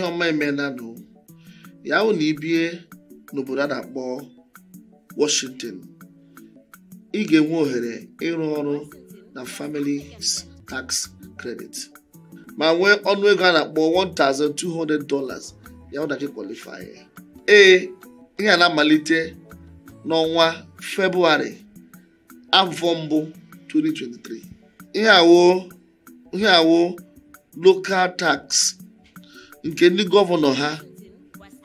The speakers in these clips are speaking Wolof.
ihe ọma emeela na ya hụ na ibie n'obodo a na-akpọ Washington ị ga-enwe ohere ịrụ ọrụ na family tax credit ma nwee ọnụ ego a na-akpọ $1,200 ya hụ na ee ihe a na-amalite n'ọnwa Febụwarị afọ mbụ 2023 ihe awo ihe awo local tax nke ndị gọvanọ ha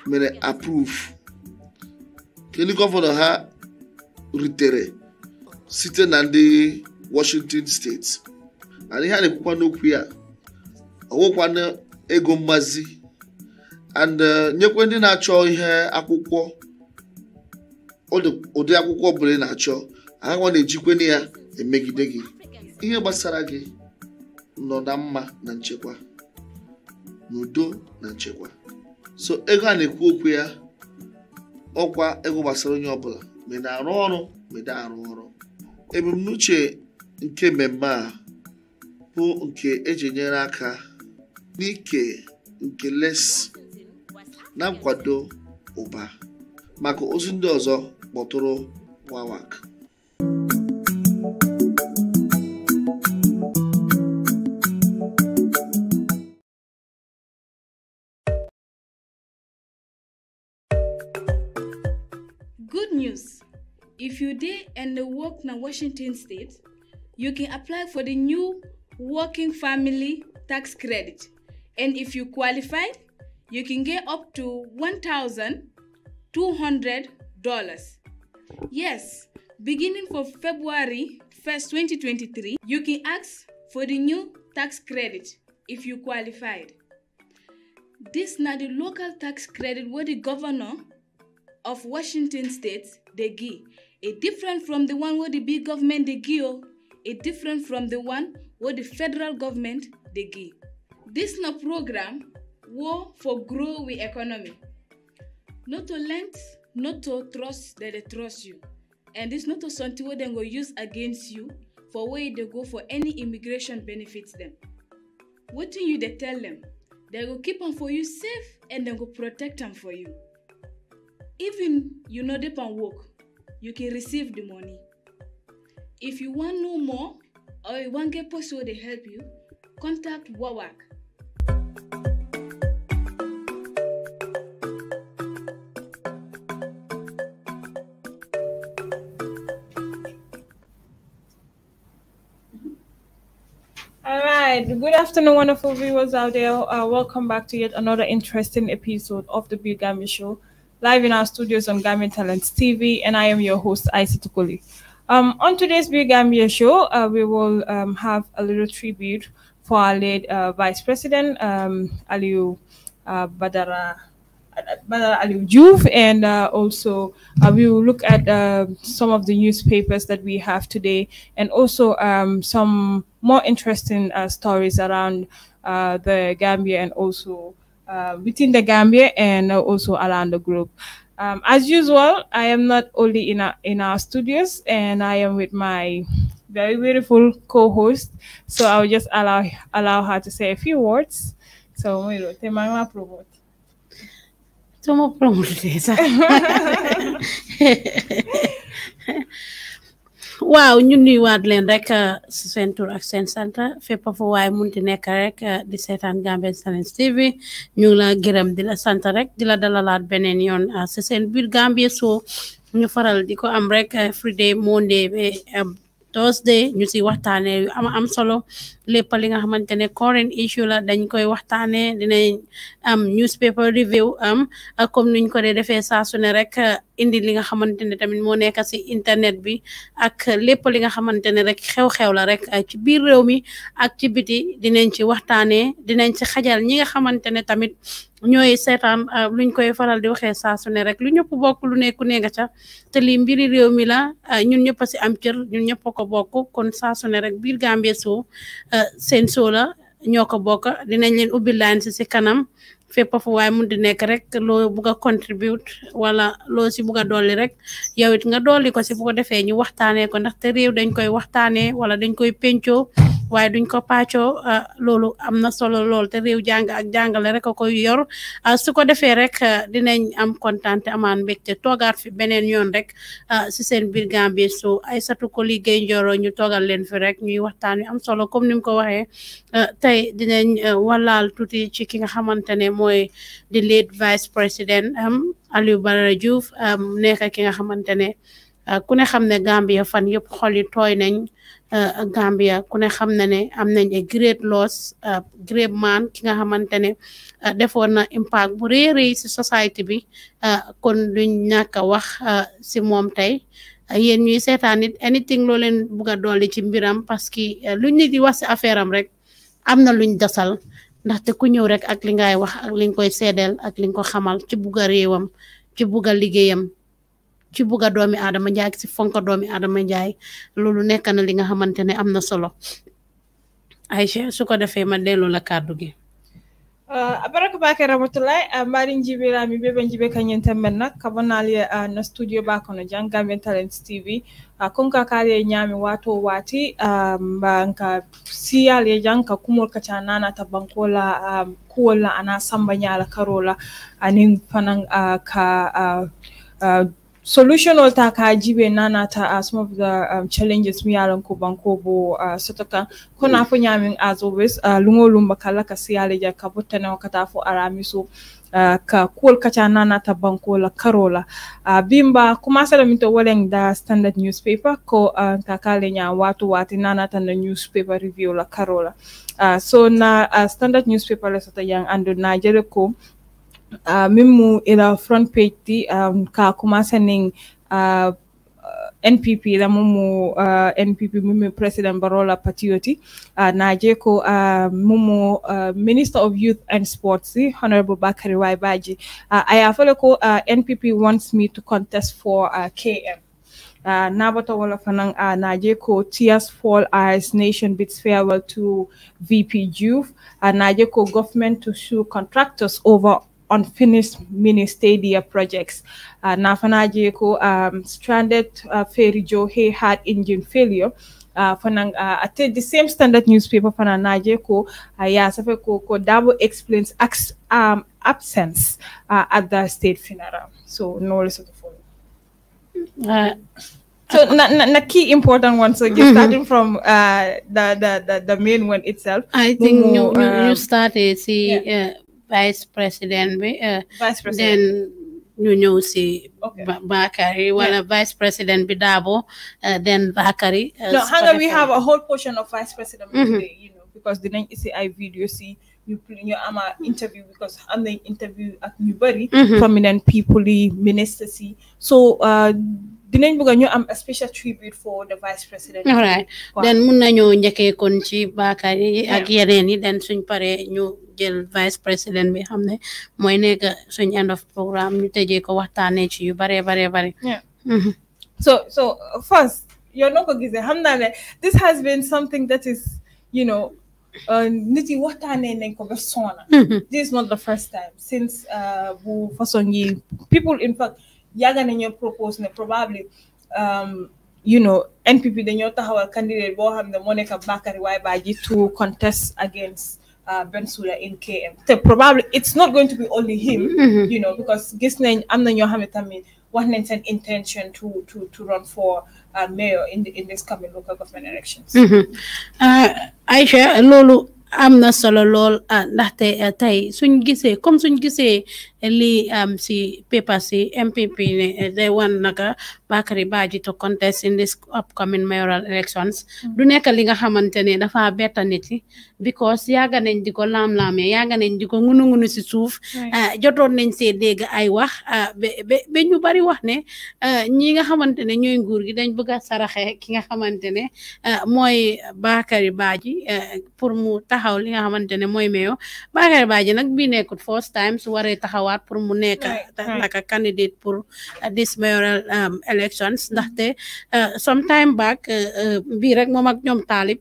mere approve nke ndị gọvanọ ha ritere site na ndị Washington steeti na ihe a na-ekwukwa n'okwu ya ọwụkwana ego mmazi and uh, nyekwe ndị na-achọ ihe akwụkwọ ụdị akwụkwọ ọbụla na-achọ ahụwa na-ejikwana ya emegide gị ihe gbasara gị nọ na mma na nchekwa n'udo na nchekwa so ego a na-ekwu okwu ya ọkwa ego gbasara onye ọbụla mede arụ ọrụ mede arụ ọrụ ebumnuche nke mmemme a bụ nke eji enyere aka n'ike nke les na nkwado ụba maka ozi ndị ọzọ kpọtụrụ wawak if you did and work in Washington state, you can apply for the new working family tax credit. And if you qualify, you can get up to $1,200. Yes, beginning for February 1st, 2023, you can ask for the new tax credit if you qualified. This is not the local tax credit where the governor of Washington state they give. A different from the one where the big government they give. a different from the one where the federal government they give. This no program war for grow with economy. Not to lend, not to trust that they trust you. And this not to something where they go use against you for where they go for any immigration benefits them. What do you they tell them? They go keep on for you safe and they go protect them for you. Even you know they can work, you can receive the money. If you want know more or you want get post they help you, contact Wawak. All right. Good afternoon, wonderful viewers out there. Uh, welcome back to yet another interesting episode of the Bugami Show live in our studios on Gambia Talents TV, and I am your host, Icy Tukuli. Um, on today's Big Gambia show, uh, we will um, have a little tribute for our late uh, Vice President, um, Aliu uh, Badara. Aliu and uh, also uh, we will look at um, some of the newspapers that we have today, and also um, some more interesting uh, stories around uh, the Gambia and also uh, within the Gambia and also around the group. Um, as usual, I am not only in our, in our studios, and I am with my very beautiful co-host. So I'll just allow allow her to say a few words. So Miro, te promote. waaw ñun nuyuwaat leen rek euh, si seen tur ak seen sant fépp fu waay munti nekk rek euh, di seetaan Gambian Talents TV ñu la gërëm di la sant rek di la dalalaat beneen yoon euh, si seen biir Gambia soo ñu faral di ko am rek Friday Monday Thursday ñu si waxtaanee am am solo lépp li nga xamante ne current issue la dañ koy waxtaanee dinañ am newspaper review am comme niñ ko dee defee saa ne rek. indi li nga xamante ne tamit moo nekk ci internet bi ak lépp li nga xamante ne rek xew-xew la rek ci biir réew mi ak ci biti dinañ ci waxtaanee dinañ ci xajal ñi nga xamante ne tamit ñooy seetaan ah, luñ koy faral di waxee saa su ne rek lu ñëpp bokk lu nekk nekku ne nga ca te li mbiri réew mi la ah, ñun ñëpp a si am cër ñun ko bokk kon saa ne rek biir Gambia soo ah, seen soo la ñoo ko bokk dinañ leen ubbi laan si kanam fépp fu waay mun di nekk rek loo bugg a contribute wala loo si bugg a dolli rek yow it nga dolli ko si bu ko defee ñu waxtaanee ko ndaxte réew dañ koy waxtaanee wala dañ koy pencoo waaye duñ ko pàccoo ah, loolu am na solo lool te réew jàng ak jàngale rek a koy yor ah, su ko defee rek ah, dinañ am kontaan te amaan mbégte toogaat fi beneen yoon rek si seen biir Gambie su Aysatu ko liggéey njoro ñu toogal leen fi rek ñuy waxtaan wi am solo comme ni mu ko waxee tey dinañ walaal tuuti ci ki nga xamante ne mooy di late vice président Alieu Barrow Joof nekk ki nga xamante ne Euh, ku ne xam ne Gambia fan yëpp xol yi tooy nañ euh, Gambia ku ne xam na ne am nañ a great loss euh, great man ki nga xamante ne defoon na impact bu rëy si society bi kon luñ ñàkk wax si moom tey yéen ñuy seetaan it anything loo leen bugg a ci mbiram parce que luñ nit di wax si affaire am rek am na luñ dasal ndaxte ku ñëw rek ak li ngay wax ak li nga koy seedeel ak li nga ko xamal ci bugg a réewam ci bugg a liggéeyam ci buga doomi aadama njaay ci Fonko doomi aadama njaay loolu nekk na li nga xamante ne am na solo Aïcha su ko defee ma delu la kàddu gi euh, abaraka bake ramatulay euh, mbaɗi jibirami ɓe ɓe jiɓe kañente men nak kabonali euh, no studio bakono jang gambian talents tv konka kali e ñami wato wati Banka siyal e jang ka kumol na ta bankola kuola ana samba nyala karola anin fanan ka solution ta ka jibe nana ta uh, some of the um, challenges mi yaran ko banko bo uh, sotaka kona mm. fo min as always uh, lungo lumba kala ka siyale ja ka na wakata fo arami so uh, ka kuol kacha nana ta banko la karola uh, bimba kuma sala mito waleng da standard newspaper ko uh, ta kale nya watu wati nana ta na newspaper review la karola uh, so na uh, standard newspaper la sota yang ando na ko Ah, mimu ila front page ti um, ka uh, ah, ah, NPP la mumu uh, NPP mumu President Barola Patioti uh, na uh, mumu uh, Minister of Youth and Sports Honorable Bakari Waibaji uh, I have ko uh, NPP wants me to contest for uh, KM uh, Nabata wala fanang uh, najeko tears fall as nation bids farewell to VP Juve. Uh, najeko government to sue contractors over unfinished mini stadia projects. Uh, Nafana Jeko um, stranded uh, ferry Joe Hay had engine failure. Uh, fanang uh, at the same standard newspaper fana naje ko uh, yeah ko ko double explains ex, um, absence uh, at the state funeral so no rest of the following uh, so na, na, na, key important one so mm -hmm. starting from uh, the, the, the the main one itself i think you, you, um, you started see yeah vice président bi. Eh, vice président ñu ñëw si. Bakary wala vice president bi Dabo eh, then Bakari. Eh, no hanga we have a whole portion of vice president. Mm-hmm. you know because the dinañ isi I video see you put in your ama interview because i am the interview ak ñu bëri. Mm-hmm. prominent people yi ministres yi so. Uh, dinañ bëgg ñu am a special tribute for the vice president. all right then mun nañoo njëkkee kon ci baakaar yi ak yeneen yi den suñ paree ñu jël vice président bi xam ne mooy ne nekk suñ end of programme ñu tëjee ko waxtaanee ci yu bare bare bare. Mm-hmm. so so first yow noo ko gisee xam naa ne this has been something that is you know. Uh, nit yi waxtaanee nañ ko ba soona. Mm-hmm. this is not the first time since uh, bu façon yi people in fact. yàgg nañoo propose ne probably um, you know NPP dañoo taxawal candidate boo xam ne moo nekk Bakary Wai Baji to contest against uh, Bensouda in KM te probably it's not going to be only him mm-hmm. you know because gis nañ am na ñoo xam ne tamit wax nañ seen intention to to to run for uh, mayor in in this coming local government elections mm-hmm. uh, Aisha loolu am na solo lool ah, ndaxte ah, tey suñ gisee comme suñ gisee lii am si paper si MPP ne eh, day wan naka Bakary Badji to contest in this upcoming mayoral elections mm. du nekk li nga xamante ne dafa betta nit yi because yaaga nañ di ko laam-laamee yaaga nañ di ko ngunu-ngunu si suuf ah, jotoon nañ see dégg ay wax ah, ba ñu bari wax ne ah, ñi nga xamante ne ñooy nguur gi dañ bëgg a saraxe ki nga xamante ne mooy Bakary Badji pour mu taxaw li nga xamante ne mooy meyo Bakary Badji nag bii nekkut first time su waree taxawaat pour mu nekk naka candidate pour this mayoral um, elections ndaxte euh, some time back euh, euh, bii rek moom ak ñoom taalib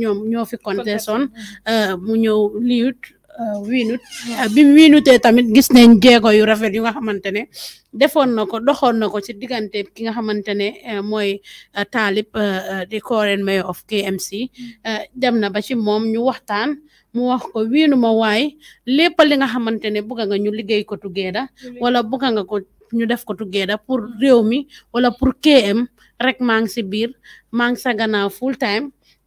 ñoom ñoo fi contestoon mu ñëw liut wiinut bi tamit gis nañ jéego yu rafet yu nga xamante ne defoon na ko doxoon na ko ci diggante ki nga xamante ne mooy taalib di current mayor of KMC mm. dem na ba ci moom ñu waxtaan mu wax ko wiinuma waay lépp li nga xamante ne bugga nga ñu liggéey ko together wala bugga nga ko ñu def ko together pour réew mi wala pour KM rek maa ngi si biir maa ngi sa gannaaw full time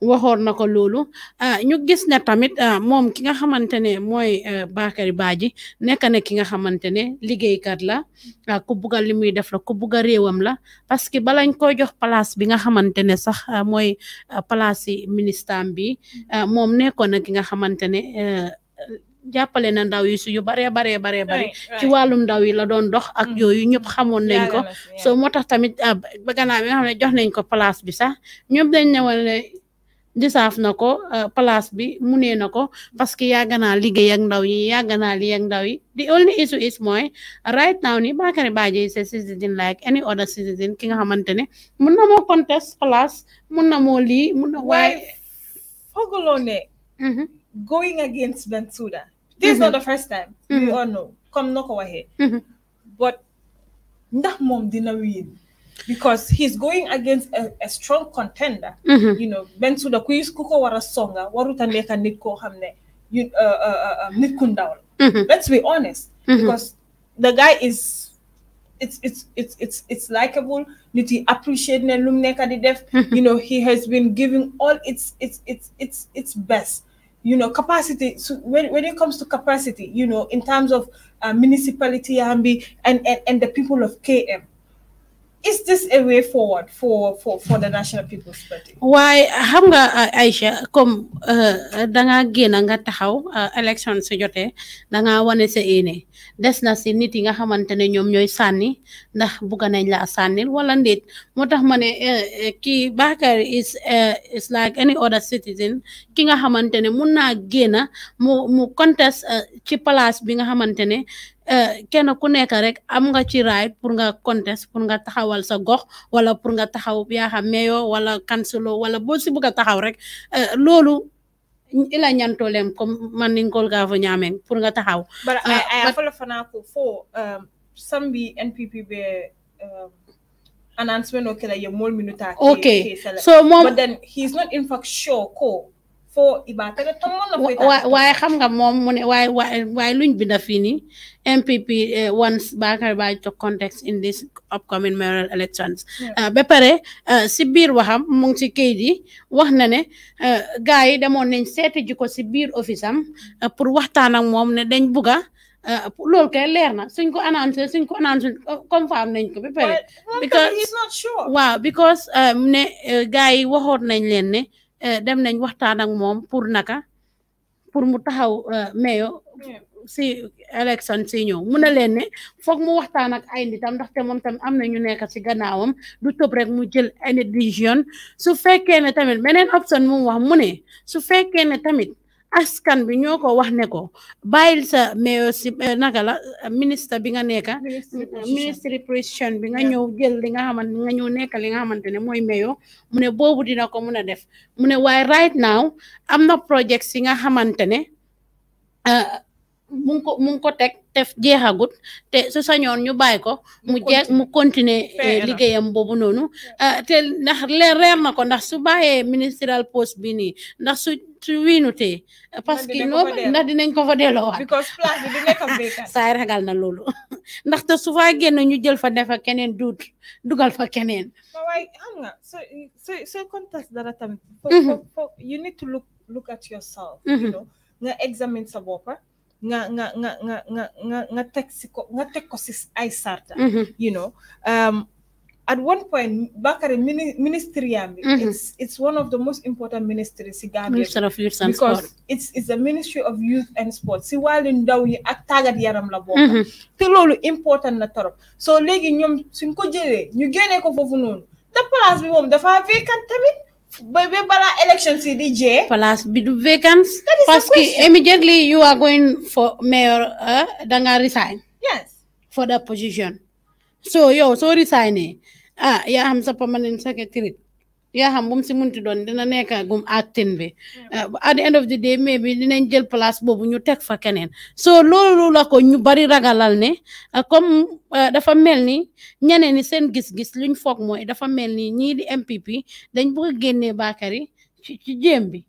waxoon na ko loolu ah, ñu gis ne tamit ah, moom ki nga xamante ne mooy eh, Bakary Badji nekk ne ki nga xamante ne liggéeykat la ah, ku bugga li muy def la ku bugga réewam la parce que balañ ko jox place bi nga xamante ne sax mooy place yi ministre bi moom nekkoon na ki nga xamante ne eh, jàppale na ndaw yi suyu baree baree baree bari ci wàllum ndaw yi la doon dox ak mm-hmm. yooyu ñëpp xamoon nañ ko so moo tax tamit ah, ba gannaaw bi xam ne jox nañ ko place bi sax ñoom dañ ne ne disaaf na ko ah, place bi mu nee na ko parce que yàgg naa liggéey ak ndaw yi yàgg naa lii ak ndaw yi the only issue is mooy right now ni Bakary Badji is a citizen like any other citizen ki nga xamante ne mun na moo contest place mun na moo lii mun na waaye fooguloo ne mm-hmm. going against Bensouda. This is not mm-hmm. the first time. We mm-hmm. all know. Come knock over here. Mm-hmm. But that mom didn't win because he's going against a, a strong contender. You know, Bensouda ku is kuko Warasonga, songa waruta neka nit hamne uh, uh, uh, nit Let's be honest because the guy is it's it's it's it's it's likable. Niti appreciate ne lumneka You know, he has been giving all its its its its its best you know, capacity. So when, when it comes to capacity, you know, in terms of uh, municipality Yambi and, and, and the people of KM, is this a way forward for for for the National People's Party Why? xam nga uh, Aïcha comme uh, danga génn nga taxaw uh, élection su jotee danga wane sa yéene des na si nit yi nga xamante ne ñoom ñooy sànni ndax bugga nañ laa sànnil wala ndéet moo tax ma ne kii Bakary is is like any other citizen ki nga xamante ne na naa génn mu mu contest ci place bi nga xamante Eh, kenn ku nekk rek am nga ci pour nga contest pour nga taxawal sa gox wala pour nga taxaw yaa xam meyo wala kansilo wala boo si bëgg a taxaw rek eh, loolu ila ñantolem comme man ningol gaafo ñaameng pour nga taxaw bara aya eh, fala fana ko fo um, sambi npp be um, announcement o kela so mom but xam nga moom mu ne waaye waaye luñ binda fii nii MPP wants eh, Bakary Badji to contest in this upcoming mayoral elections. Eh, ba pare waham eh, biir kedi mu ngi ci kayit yi wax na ne gars yi demoon nañ seeti ji ko si biir office am pour na suñ ko annoncé suñ ko confirm nañ ko ba because he's not sure. waaw because ne gars yi waxoon nañ leen ne dem nañ waxtaan ak moom pour naka pour mu taxaw mayo. si élection si ñëw mu ne leen ne foog mu waxtaan ak ay nitam ndaxte moom tam am na ñu nekk si gannaawam du tëb rek mu jël ay décision su fekkee ne tamit meneen option mu wax mu ne su fekkee ne tamit askan bi ñoo ko wax ne ko bàyyil sa mayo si eh, naka la ministre bi nga nekka ministre eh, position bi nga ñëw jël li nga xamante nga ñëw li nga xamante ne mooy mayo mu ne boobu dina ko mun a def mu ne waaye right now am na project yi nga xamante ne eh, mu ngi ko mu ngi ko teg te jeexagut te su sañoon ñu bàyyi ko mu jeex mu continuer eh, liggéeyam boobu noonu eh, te ndax leer reer na ko ndax su bàyyee ministériel poste bi nii ndax su su wiinutee parce que noo ndax dinañ ko fa delloowaat saay ragal na loolu ndaxte su faa génn ñu jël fa defa keneen duut dugal fa keneen waaye xam nga sooy contest dara tamit mm-hmm. you need to look look at yourself you mm-hmm. know sa bopp nga nga nga nga nga nga nga teg si ko nga teg ko si ay sarta mm-hmm. you know um, at one point Bakary ministry yambi mm-hmm. it's it's one of the most important ministries si Gambia because it's it's a ministry of youth and sport si wàllu ndaw yi ak tàggat yaram la bokk mm-hmm. te loolu important na torop so léegi ñoom suñ ko jëlee ñu génnee ko foofu noonu te place bi moom dafa vacant tamit Baby, bala election si DJ. Palace bi du vacance. That is Parce immediately you are going for mayor, uh, danga resign. Yes. For that position. So yo, so resign eh. Ah, yeah, I'm sa permanent secretary. yaa xam bu mu si munti doon dina nekk gum acting bi eh, at the end of the day mais bi dinañ jël place boobu ñu teg fa keneen so loolu la ko ñu bari ragalal ne eh, comme eh, dafa mel ni ñeneen ni seen gis-gis luñ foog mooy dafa mel ni ñii di MPP dañ bëgg a génnee Bakary ci ci jéem bi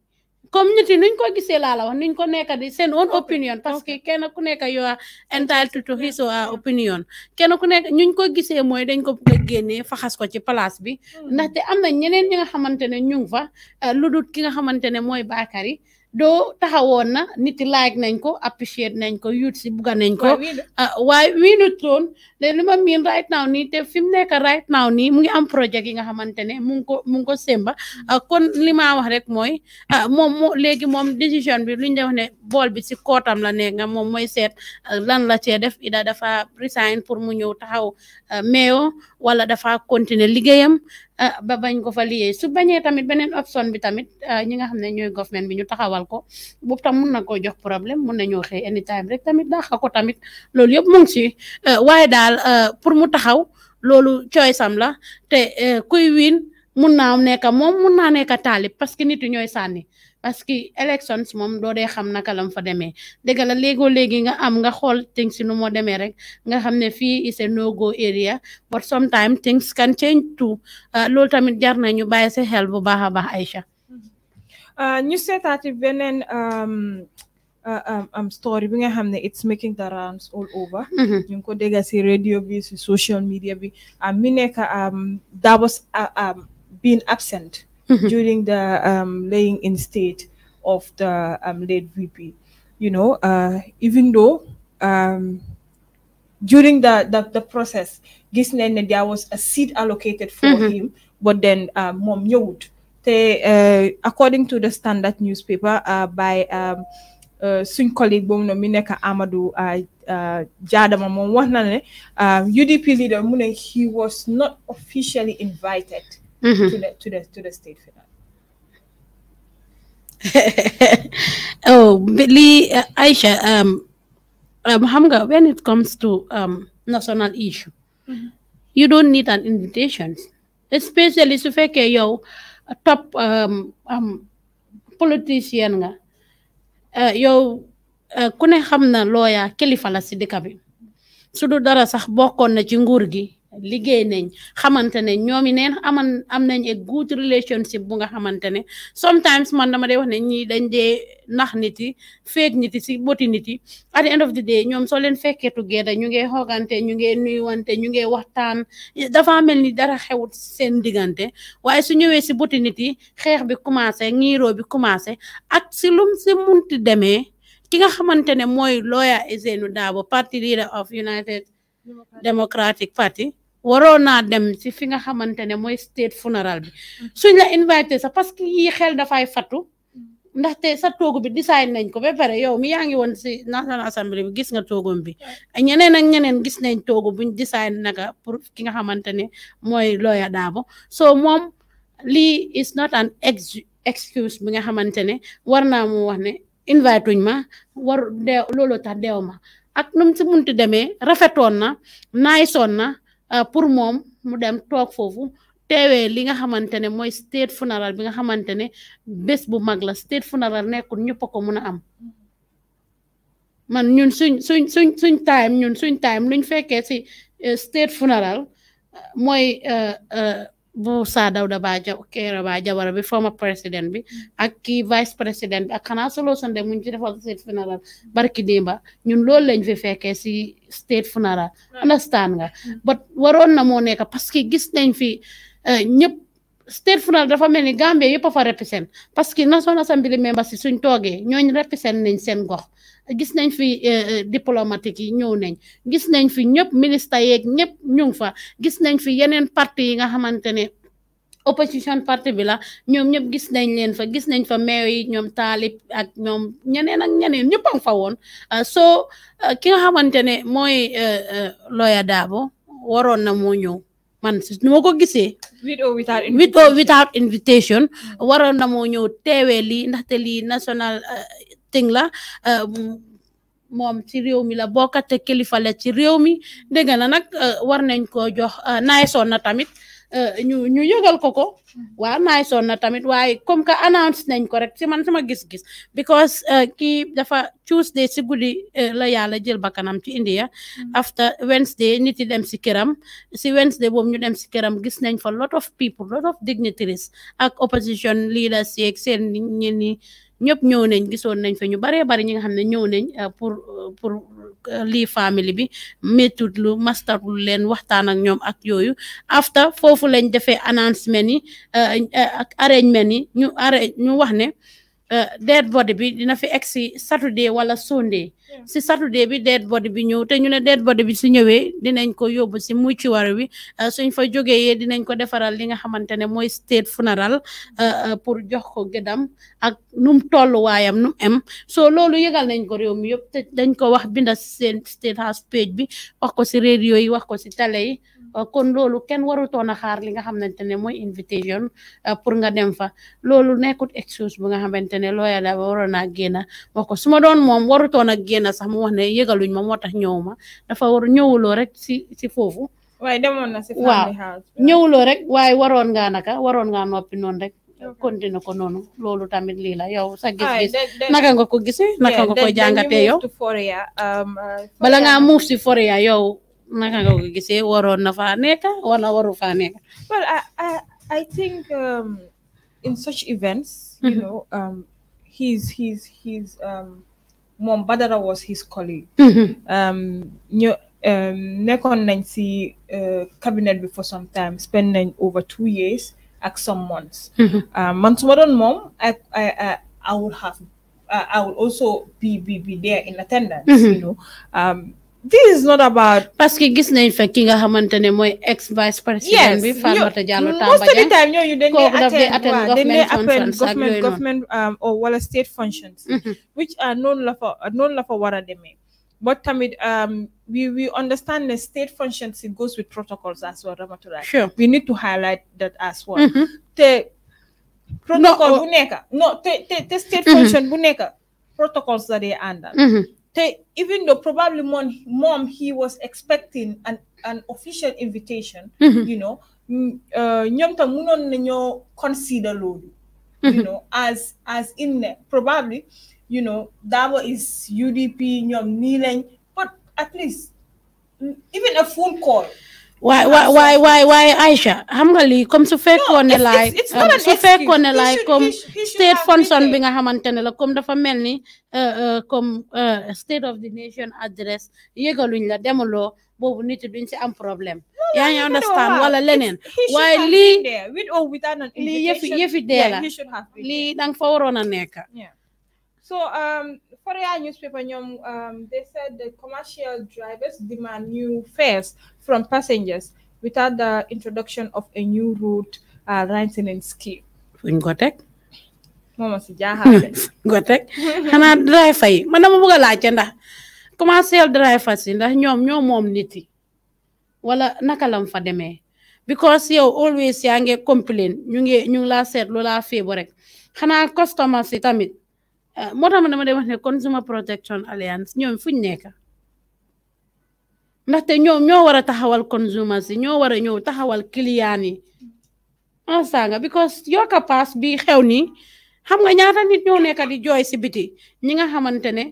community nuñ ko gisee laa la wax nuñ ko nekk di seen own opinion parce que kenn ku nekk you are entitled to his or opinion kenn ku nekk ñuñ ko gisee mooy dañ ko bëgg a génnee faxas ko ci place bi hmm. ndaxte am na ñeneen ñi nga xamante ne ñu ngi fa eh, lu ki nga xamante ne mooy Bakary doo taxawoon na nit yi like nañ ko appreciate nañ ko youth si bugga nañ ko waaye wiinut ah, loon te li ma miin right now nii te fi mu nekk right now nii mu ngi am projet yi nga xamante ne mu ngi ko mu ngi ko semba ah, kon li ma wax rek mooy ah, moom moo léegi moom décision bi lu ñu wax ne bool bi si kootam la nekk nga moom mooy seet lan la cee def ida dafa resign pour mu ñëw taxaw meyo wala dafa continuer liggéeyam ah, ba bañ ko fa liggéey su bañee tamit beneen option bi tamit ah, ñi nga xam ne ñooy government bi ñu taxawal ko boobu tam mun na koo jox problème mun nañoo xëy anytime rek tamit daax ko tamit loolu yëpp mu ngi si ah, waaye daal pour mu taxaw loolu choice am la te eh, kuy wiin mun naa nekk moom mun naa nekk taalib parce que nit ñooy sànni. parce que élections moom doo dee xam naka lam fa demee dëgg la léegoo léegi nga am nga xool things si nu moo demee rek nga xam ne fii is a no go area but sometimes things can change too ah, loolu tamit jar na ñu bàyyi sa xel bu baax a baax Aïcha ah, ñu seetaati beneen um, ah, am story bi nga xam ne it's making the rounds all over mm-hmm. ñu ngi ko dégg si radio bi si social media bi am mi nekk um, Darboe um, being absent Mm-hmm. during the um, laying in state of the um, late VP. You know, uh, even though um, during the, the, the process, Gisnen, there was a seat allocated for mm-hmm. him, but then uh, um, Yod. Uh, according to the standard newspaper uh, by um, uh, colleague suñ collègue boobu noonu Amadou UDP uh, uh, leader mu he was not officially invited mm-hmm. to, the, to, the, to the state finale. oh, Billy, uh, Aisha, um, um, Hamga, when it comes to um, national issue, mm-hmm. you don't need an invitation, especially if you a top um, um, politician nga. Uh, yow uh, ku ne xam na la si bi su dara sax bokkoon na ci nguur gi liggéey nañ xamante ne ñoom i neen aman am nañ a good relationship bu nga xamante ne sometimes man ma day wax ne ñi dañ dee nax nit yi feeg nit yi si boti nit yi at the end of the day ñoom soo leen fekkee together ñu ngi xoogante ñu ngi nuyuwante ñu ngi waxtaan dafa mel ni dara xewut seen diggante waaye su ñëwee si boti nit yi xeex bi commencé ñiiroo bi commencé ak si lum si munti demee ki nga xamante ne mooy lawyer Isanou Darboe party leader of United Democratic Party waroon naa dem si fi nga xamante ne mooy state funeral bi suñ la invité sax parce que yii xel dafay fattu ndaxte sa toogu bi design nañ ko ba pare yow mi yaa ngi woon si national assembly bi gis nga toogum bi ñeneen ak ñeneen gis nañ toogu buñ design naka pour ki nga xamante ne mooy lawyer daabo so moom lii is not an excuse bi nga xamante ne war naa mu wax ne invite uñ ma war tax deew ma ak nu mu si munti demee rafetoon na naaysoon na Euh, pour moom mu dem toog foofu teewee li nga xamante ne mooy state funeral bi nga xamante ne bés bu mag la state funeral nekkul ñëpp a ko mun a am man ñun suñ suñ suñ suñ time ñun suñ time luñ fekkee si euh, state funeral mooy euh, bu Sir Dawda Bajoo Kairaba Jawara bi former président bi ak kii vice président bi ak xanaa solo sonde mu ngi ci defal state funeral barki démba ñun loolu lañ fi fekkee si state funeral understand nga but waroon na moo nekk parce que gis nañ fi eh, ñëpp state funeral dafa mel ni Gambia yëpp a fa represent parce que National Assembly members si suñ toogee ñooñ represent nañ seen gox gis nañ fi eh, eh, diplomatique yi ñëw nañ gis nañ fi ñëpp ministres yeeg ñëpp ñu fa gis nañ fi yeneen parti yi nga xamante ne opposition parti bi la ñoom ñëpp gis nañ leen fa gis nañ fa meew yi ñoom taalib ak ñoom ñeneen ak ñeneen ñëpp a fa woon ah, soo ah, ki nga xamante ne mooy eh, lawyer Darboe waroon na moo ñëw man si nu ma ko gisee. with or without invitation with or without invitation. Hmm. waroon na moo ñëw teewee lii ndaxte lii national uh, thing la. Uh, moom ci réew mi la bokkate kilifa la ci réew mi dégg na nag uh, war nañ koo jox naay soon tamit. Eh, ñu ñu yëgal ko ko mm-hmm. waaw naay soon na tamit waaye comme que announce nañ ko rek si man sama gis-gis because eh, kii dafa Tuesday si guddi eh, la yàlla jël bakanam ci India mm-hmm. after Wednesday nit yi dem si këram si Wednesday boobu ñu dem si këram gis nañ fa lot of people lot of dignitaries ak opposition leaders yeeg seen ñi ñëpp ñëw nañ gisoon nañ fa ñu baree bari ñi nga xam ne ñëw nañ euh, pour euh, pour euh, li famille bi méttud lu mastarlu leen waxtaan ak ñoom ak yooyu after foofu lañ defee announcement yi ak arrangement yi ñu arrang ñu wax ne Euh, dead body bi dina fi egg si Saturday wala Sunday si Saturday bi dead body bi ñëw te ñu ne dead body bi su ñëwee dinañ ko yóbbu si mortuary bi euh, suñ fa jógee dinañ ko defaral li nga xamante ne mooy state funeral euh, pour jox ko gëdam ak num tolluwaayam num em soo loolu yëgal nañ ko réew mi yëpp te dañ ko wax binda si seen state house page bi wax ko si radio yi wax ko si télé yi kon loolu kenn warutoon a xaar li nga xam xamante ne mooy invitation pour nga dem fa loolu nekkut excuse bu nga xamante ne looya waroon a génn wax ko su ma doon moom warutoon a génn sax mu wax ne yëgaluñ ma moo tax ñëw ma dafa war ñëwuloo rek si si foofu. waaye demoon na si family ñëwuloo rek waaye waroon ngaa naka waroon ngaa noppi noonu rek. continue ko noonu loolu tamit lii la yow sax gis-gis naka nga ko gisee naka nga ko jàngatee yow bala ngaa muuf si foria yow well I, I, I think um, in such events you mm -hmm. know um, he's he's he's um, moom Badara was his colleague know mm-hmm. um, um Nekon si uh, cabinet before some time spending over two years at some months mm-hmm. um, man su ma doon I, I, I, I would have I would also be, be, be there in attendance mm-hmm. you know um, this is not about parce que gis nañ fa ki nga xamantene moy ex vice president bi Fatoumata Jallow Tambajang most of the time you ñu dañ lay attend dañ government government um, or wala state functions mm -hmm. which are known la fa known la fa wara but tamit um, we, we understand the state functions it goes with protocols as well Sure. we need to highlight that as well mm -hmm. the protocol no, bu neka. no the, the, state mm -hmm. function bu neka. protocols that they under mm -hmm even though probably mom, mom he was expecting an, an official invitation, mm -hmm. you know, mm, uh, tam mënon nañu consider you mm-hmm. know as as in probably you know Dabo is UDP nyom ni but at least mm, even a phone call why why why why why Aisha xam nga lii comme su fekkoon ne fake su fekkoon ne laay comme state function bi nga xamante ne la comme dafa mel ni comme state of the nation address yëgaluñ la demaloo boobu nit duñ si am problème yaa ngi understand i wala leneen waaye lii lii yëfi yëfi dee la Lee, thank for on a Yeah. so um Korea newspaper, um, they said the commercial drivers demand new fares from passengers without the introduction of a new route uh, licensing scheme. Fuñ ko teg. Mooma si jaaxaale. ko teg xanaa driver yi man dama commercial drivers si ndax ñoom ñoo moom nit wala naka fa demee because yow always yaa complain ñu ngi ñu ngi laa seet lu laa feebu rek xanaa customers si tamit. Eh, moo tax ma dama dee wax ne consumer protection alliance ñoom fuñ nekk ndaxte ñoom ñoo war a taxawal consomers yi ñoo war a ñëw taxawal client yi ensanga because ka paas bi xew nii xam nga ñaata nit ñoo nekk di jooy si biti ñi nga xamante ne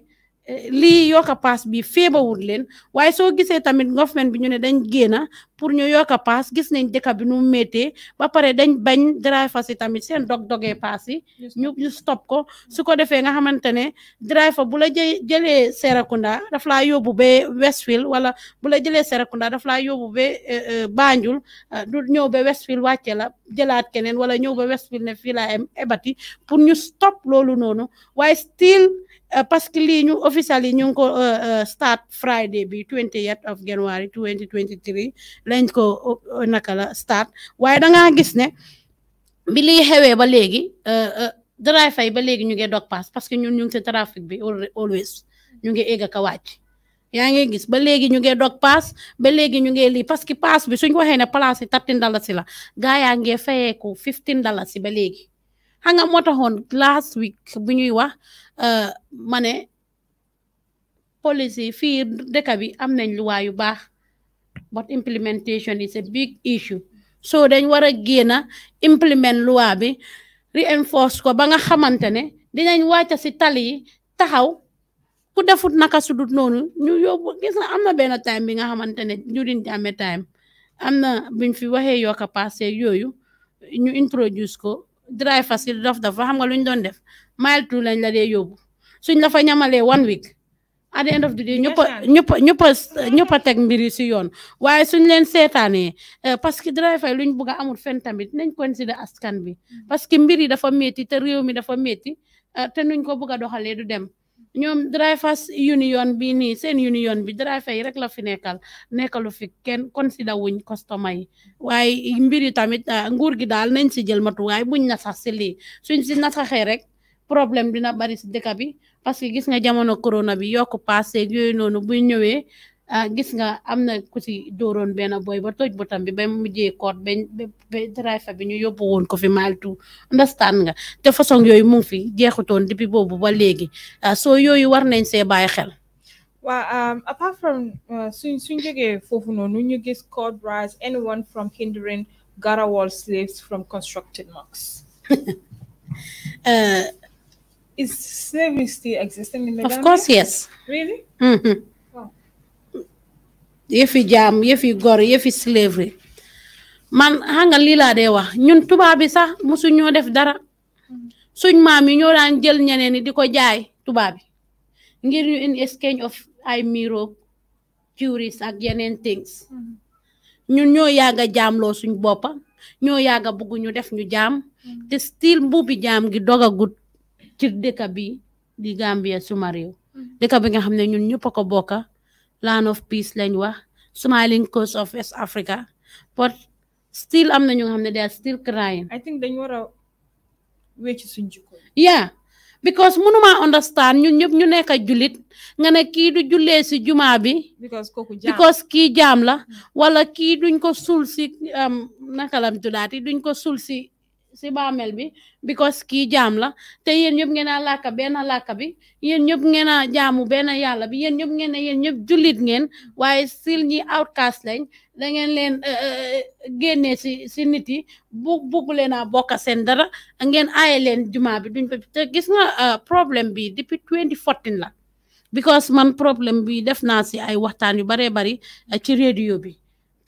lii yokk a paas bi feebawul leen waaye soo gisee tamit government bi ñu ne dañ génna pour ñu yokk a paas gis ne dëkk bi nu mu méttee ba pare dañ bañ driver si tamit seen dog-dogee paas yi ñu stop ko su ko defee nga xamante ne driver bu la jëlee Serekunda daf laa yóbbu ba Westfield wala bu la jëlee Serekunda daf laa yóbbu ba eh, eh, Banjul eh, du ñëw ba Westfield wàcce la jëlaat keneen wala ñëw ba Westfield ne fii laa am ebati pour ñu stop loolu noonu waaye still Euh, parce que lii ñu official yi ñu ngi ko euh, euh, start Friday bi 28th of January 2023 lañ ko naka la start waaye da ngaa gis ne bi lii xewee ba léegi drive fay ba léegi ñu ge dog pass parce que ñun ñu ngi si trafic bi always ñu ngi egg ka wàcc yaa ngi gis ba léegi ñu ngi dog paas ba léegi ñu ngi lii parce que paas bi suñ waxee ne place yi thirteen dalasi la gaa yaa ngi fayee ko fifteen dalasi ba léegi. xam nga moo taxoon last week bu ñuy wax euh, ma ne policy fi dëkk bi am nañ luwaa yu baax but implementation is a big issue so dañ war a génn implement luwaa bi reinforce ko ba nga xamante ne dinañ wàcca si tali yi taxaw ku defut naka sudut noonu ñu yóbbu gis am na benn time bi nga xamante ne during Jammeh time am na buñ fi waxee yokk a yooyu ñu introduce ko drivers yi dof dafa xam nga lu ñu doon def mile two lañ la dee yóbbu suñ la fa ñamalee one week at the end of the day ñëpp ñëpp ñëpp ñëpp teg mbir si yoon waaye suñ leen seetaanee eh, parce que driver yi luñ bugg a amul fen tamit nañ consider askan bi mm. parce que mbir yi dafa métti te réew mi dafa métti eh, te nuñ ko bugg a doxalee du dem ñoom drivers union bi nii seen union bi driver rek la fi nekkal nekkalu fi kenn consider wuñ customer yi waaye mbiri tamit ah, nguur gi daal nañ si jël matuwaay buñ na sax si lii su si nasaxee rek problème dina bari si dëkk bi parce que gis nga jamono corona bi yokku paase yooyu noonu bu ñëwee Ah, gis nga am na ku ci dóoroon benn boy ba toj botam bi ba mujjee koot ba ba driver bi ñu yóbbu woon ko fi understand nga te façon yooyu mu fi jeexutoon depuis boobu ba léegi ah, soo yooyu war nañ see bàyyi xel. waaw um, apart from uh, suñ suñ jógee foofu noonu ñu gis court rise anyone from hindering Garawal slaves from constructed mosques. Uh, is slavery still existing in Of course, yes. Really? Mm-hmm. yëfi jaam yëfi gor yëfi slavery man xam nga lii laa dee wax ñun tubaab bi sax mosu ñoo def dara suñ maam yi ñoo daan jël ñeneen ni di ko jaay tubaab bi ngir ñu in exchange of ay miro tourist ak yeneen things ñun ñoo yàgg a jaamloo suñ boppa ñoo yàgg a ñu def ñu jaam te still mbuubi jaam gi dog a gut ci dëkk bi di Gambia suma réew dëkk bi nga xam ne ñun ñëpp a ko bokka land of peace lañ wax smiling coast of West Africa but still am ñu xamne they are still crying. I think dañ wara a suñ jikko. yeah because mënuma understand ñun ñep ñu nekk julit nga ne ki du jullee si juma bi. because koku jam because ki jam la. wala ki duñ ko sul ci um, naka nakalam tudati duñ ko si. si baamel bi because kii jaam la te yéen ñëpp ngeen a làkka benn làkka bi yéen ñëpp ngeen a jaamu benn yàlla bi yéen ñëpp ngeen ne yéen ñëpp jullit ngeen waaye sil ñi outcast lañ da ngeen leen eh, eh, génnee si si nit yi bu bugg leen a bokk seen dara ngeen aaye leen juma bi duñ ko te gis nga eh, problème bi depuis 2014 la because man problème bi def naa si ay waxtaan yu baree bari ci rédio bi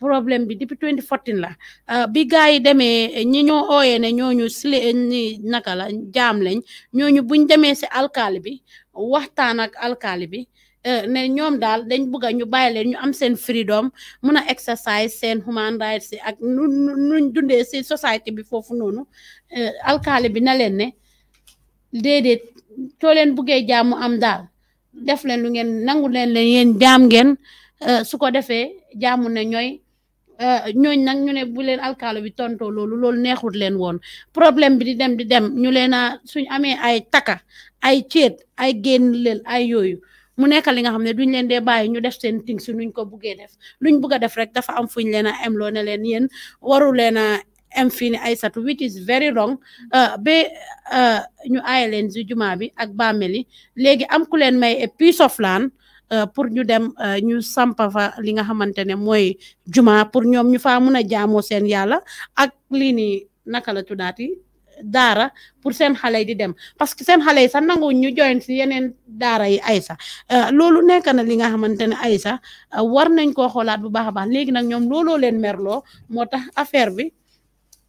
problème bi depuis 2014 la ah, bi gars yi demee ñi ñoo ooyee ne ñooñu sile ni naka la jaam lañ ñooñu buñ demee si alkaali bi waxtaan ak alkaali bi eh, ne ñoom daal dañ bëgg a ñu bàyyi ñu am seen freedom mun exercise sen human rights ak nu nuñ dundee si société bi foofu noonu eh, alkaali bi na leen ne déedéet soo leen buggee jaamu am daal def leen lu ngeen nangu leen leen yéen jaam ngeen eh, su ko defee jaamu ne ñooy Euh, ñooñ nag ñu ne bu leen alkaalo bi tontoo loolu loolu neexut leen woon problème bi di dem di dem ñu leen a suñ amee ay taka ay ceet ay génn leen ay yooyu mu nekk li nga xam ne duñ leen dee bàyyi ñu def seen ting si nuñ ko buggee def luñ bugg a def rek dafa am fuñ leen a am leen yéen waru leen a am ay satu which is very wrong euh, ba euh, ñu aye leen si jumaa bi ak bàmmeli léegi am ku leen may a piece of land Euh, pour ñu dem euh, ñu sampa fa li nga xamante ne mooy juma pour ñoom ñu faa mun a jaamoo seen yàlla ak lii nii naka la tuddaati daara pour seen xale yi di dem parce que seen xale yi sax nangu ñu join si yeneen daara yi ay sa euh, loolu nekk na li nga xamante ne ay sa war nañ koo xoolaat bu baax a baax léegi nag ñoom looloo leen merloo moo tax affaire bi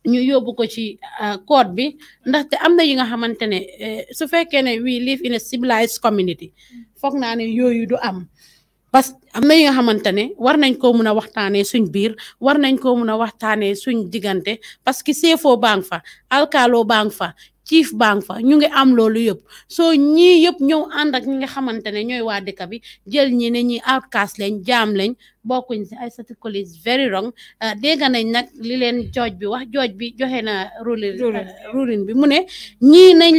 ñu yóbbu ko ci euh, court bi ndaxte am na yi nga xamante ne euh, su fekkee ne we live in a civilized community mm. foog naa ne yooyu du am parce que am na yi nga xamante ne war nañ koo mun a waxtaanee suñ biir war nañ koo mun a waxtaanee suñ diggante parce que CFO baa ngi fa alkaalo baa fa ciif baa fa ñu ngi am loolu yëpp soo ñi yëpp ñëw ànd ak ñi nga xamante ne ñooy waa dëkk bi jël ñi ne ñi outcast lañ jaam lañ bokkuñ si Aïssatou Cole is very wrong euh, dégg nañ nag li leen jooj bi wax jooj bi joxe na ruling euh, bi mu ne ñii nañ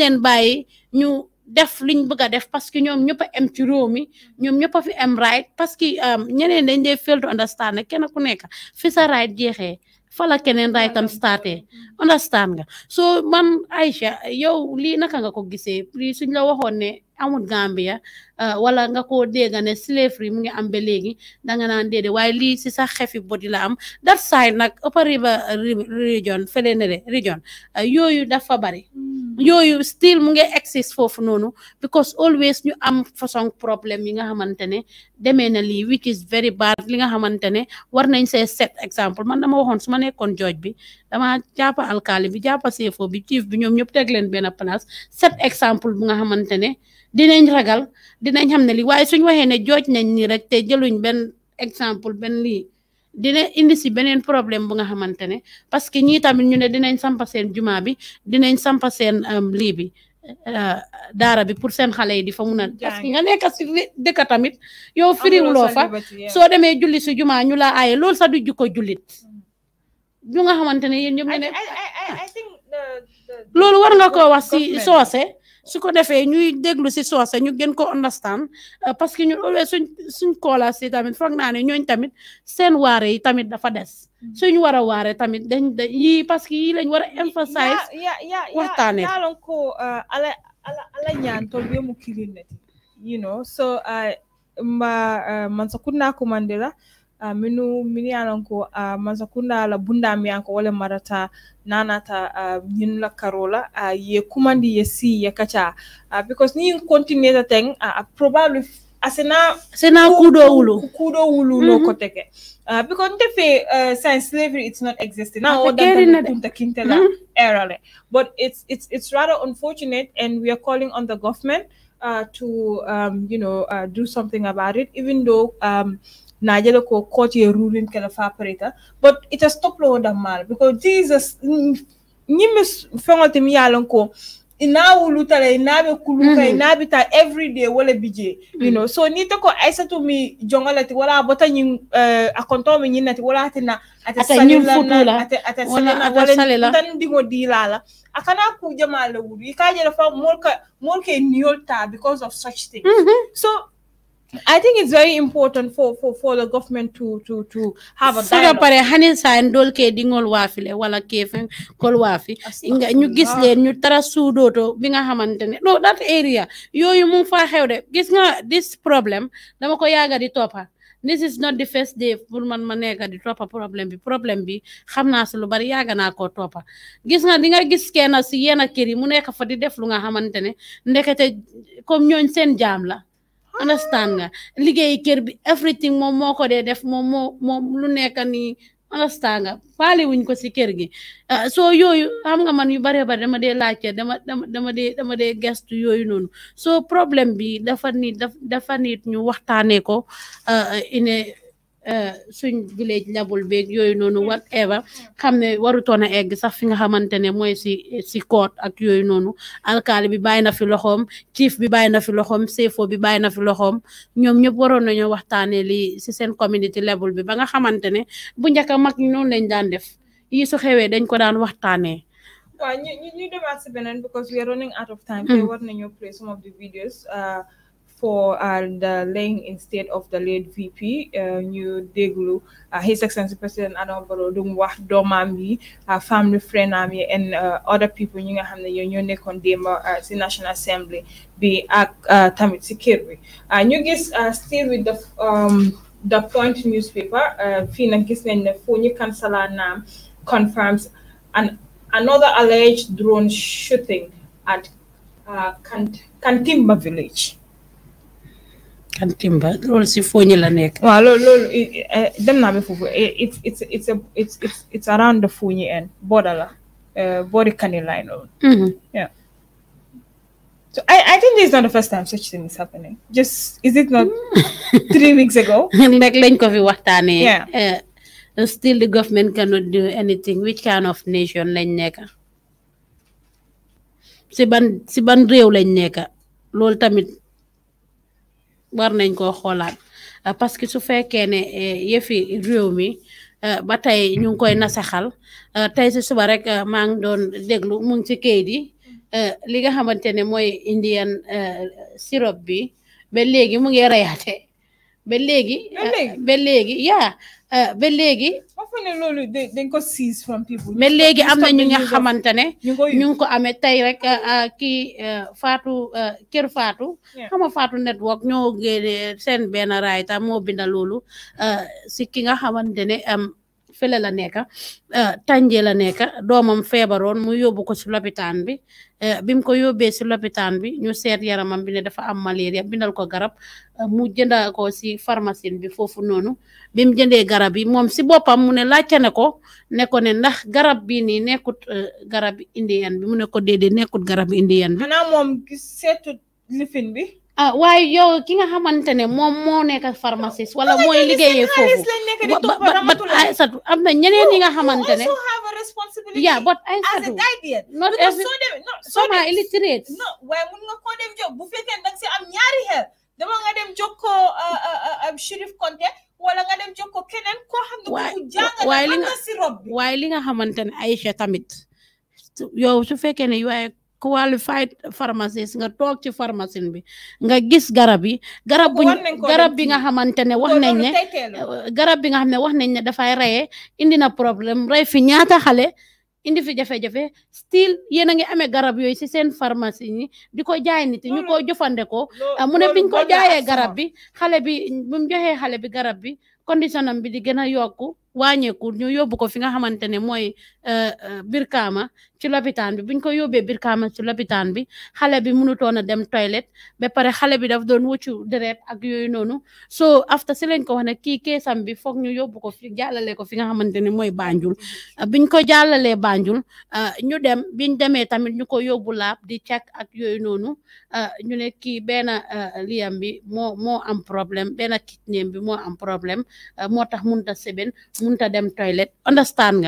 ñu def liñ bëgg a def parce que ñoom ñëpp a am ci réew mi ñoom ñëpp a fi am right parce que um, ñeneen dañ dee fail understand ne kenn ku nekk fi sa right jeexee fa la keneen right am startee understand nga so man Aisha yow lii naka nga ko gisee suñ la waxoon ne amut Gambia euh, wala nga koo dégg ne slavery mu ngi am ba léegi danga naan déedé waaye lii si sax xefi bodi la am that saay nag Upper River euh, region fële ne de region euh, yooyu dafa bari mm. yooyu still mu ngi exist foofu noonu because always ñu am façon problème yi nga xamante ne demee na li which is very bad li nga xamante ne war nañ see set exemple man ma waxoon su ma nekkoon jooj bi dama jàppa alkali bi jàppa seefoo bi chief bi ñom ñep tek leen ben place set exemple bu nga xamantene dinañ ragal dinañ xamne li way waaye suñ waxee ne jooj nañ ni rek te jëluñ benn exemple ben li dina indi si benen problème bu nga xamantene parce que ñi tamit ñu ne dinañ sampa sen juma bi dinañ sampa seen euh, li bi euh, dara bi pour sen xalé yi di fa mëna parce que nga nek ci dekk tamit yow lo fa so démé julli ci jumaa ñu la ayé lool sa du jikko bi nga xamantene yeen yéen ñoom ñu ne loolu war nga ko wax si soose su ko défé ñuy déglu ci sosé ñu gën ko understand euh, parce que ñu euh, suñ suñ koola ci tamit foog naa ne ñooñ tamit seen waré yi tamit dafa dess mm. suñ wara waré tamit dañ yi parce que yi lañ wara emphasize waxtane ya, ya, ya, ya lon ko euh, ala ala ala ñaan tol bi mu kirine you know so i ma man sa kunna ko mandela Ah, minu minu ye lon ko uh, la bunda miyanko wale marata nanata uh, ah, ñin la karola uh, ye kumandi ye si ye kaca uh, because ni continue ta teng uh, probably asena asena kudo wulu kudo wulu mm -hmm. lo kote ke uh, because nte fe uh, eh, science slavery it's not existing now oda kunta kintela mm -hmm. era le but it's it's it's rather unfortunate and we are calling on the government uh, to um, you know uh, do something about it even though um, naa jele ko court ye ruling kala fa pareta but ita stop lo da mal because jesus nyimi fengo timi yalon ko ina wuluta la ina be kuluka ina mm-hmm. be ta everyday wala bije you know so ni to ko aisa to mi ti wala bota nyi eh, a konto mi nyina ti wala tina ata salila na ata ata salila wala salila tan dingo dilala akana ku jama la wuri ka jela fa molka molke niol ta because of such things mm-hmm. so I think it's very important for, for, for the government to to to have a dialogue. pare hani sa ndol ke dingol wafi le wala kefen kol wafi inga nyu gis leen ñu tara suudoto bi nga xamantene no that area yo yooyu mu fa xew de gis nga this problem dama ko yaaga di toppa this is not the first day pour man ma nekk di toppa problème bi problème bi xam naa si bari yaaga naa koo toppa gis nga di gis kena si yenn kiri yi mu nekk fa di def lu nga xamantene ndekete comme ñooñ seen jaam understand nga liggéey kër bi everything moom moo ko dee def moom moo moom lu nekk nii understand nga faale wuñ ko si kër gi ah, soo yooyu xam nga man yu baree bari dama dee laajte dama dama dama dee dama dee gestu yooyu noonu soo problème bi dafa nit dafa nit ñu waxtaanee ko ah, ine Eh, suñ village level beeg yooyu noonu whatever xam ne warutoon a egg sax fi nga xamante ne mooy si si court ak yooyu noonu alkaali bi bàyyi na fi loxoom chief bi bàyyi na fi loxoom sefo bi bàyyi na fi loxoom ñoom ñëpp waroon nañoo waxtaanee li si seen community level bi ba nga xamante ne bu njëkk a mag noonu lañ daan def yi su xewee dañ ko daan waxtaanee. waaw ñu ñu ñu beneen because we are running out hmm. nañoo play some of the videos. Uh, for uh, the laying instead of the late VP New uh, déglu uh, His Excellency President Adama Barrow lu uh, family friend and other people in the Union ne yow the National Assembly be at tamit si kër bi gis still with the um, the point newspaper fii nag gis kansala confirms an another alleged drone shooting at uh, Kant Kantimba village. Kantimba loolu si fooñi la nekk. waaw loolu loolu eh, dem na be fufu. Eh, it's it's it's a, it's it's it's around the fooñi end border la eh, boori Kani line loolu. Mm-hmm. yeah so I I think this is not the first time such thing is happening just is it not mm. three weeks ago. Like lañ ko fi waxtaanee. yeah still the government cannot do anything which kind of nation lañ nekk si ban si ban réew lañ nekk loolu tamit. war nañ koo xoolaat euh, parce que su fekkee ne euh, yëfi riow mi euh, ba tey ñu ngi koy nasaxal tey si suba rek maa ngi doon déglu mu ngi ci kayit yi li nga xamante ne mooy indian sirop bi ba léegi mu ngi reyaate ba léegi ba léegi yaa ba léegi euh, ba léegi am na ñu nga xamante ne ñu ngi ko amee tey rek euh, euh, kii Fatou Kër Fatou xam nga Fatou network ñoo génne seen benn raayta moo binda loolu si ki nga xamante ne fële la nekk euh, tànje la nekk doomam feebaroon mu yóbbu ko si lopitaan bi euh, bi mu ko yóbbee si lopitaan bi ñu seet yaramam bi ne dafa am malaria bindal ko garab euh, mu jënda ko si pharmacie bi foofu noonu bi jëndee garab yi moom si boppam mu ne laajte ne ko ne ne ndax garab bi nii nekkut garab indien bi mu ne ko déedéet nekkut garab indien bi. xanaa moom seetut lifin bi. ah waaye yow ki nga xamante ne moom moo nekk pharmaciste wala mooy liggéeyee foofu but Aysatu am na ñeneen ñi nga xamante ne yeah but Aysatu not every some are illiterate no waaye mun nga koo dem jóg bu fekkee nag si am ñaari dama nga dem jokkoo Sheriff uh, uh, uh, Konte wala nga dem jokkoo keneen koo xam waaye li nga si rob waaye li nga xamante ne Aïcha tamit yow su fekkee ne you qualified pharmacist nga tok ci pharmacie bi nga gis garab yi garab bu eh, garab bi nga xamantene wax nañ ne garab bi nga xamne wax nañ ne fay reye indi na problème ray fi ñaata xalé indi fi jafé jafé still yeena nga ngi garab yoy ci sen pharmacie ni di jaay nit ñu ko ko ah, mu ne biñ ko jaayé garab bi xalé bi bu mu joxé xalé bi garab bi condition bi di gëna a yokku wàññeeku ñu yobbu ko fi nga xamantene moy eh, eh, ci lopitaan bi buñ ko yóbbee Brikama ci lopitaan bi xale bi mënutoon a dem toilette ba pare xale bi daf doon wëccu deret ak yooyu noonu so after si lañ ko wax ne kii keesam bi foog ñu yóbbu ko fi jàllale ko fi nga xamante ne mooy Banjul ah, biñ ko jàllalee Banjul ah, ñu dem biñ demee tamit ñu ko yóbbu laab di check ak yooyu noonu ah, ñu ne kii benn liyam bi moo moo am problème benn kidneem bi moo am problème moo tax mënut a seben mënut a dem toilette understand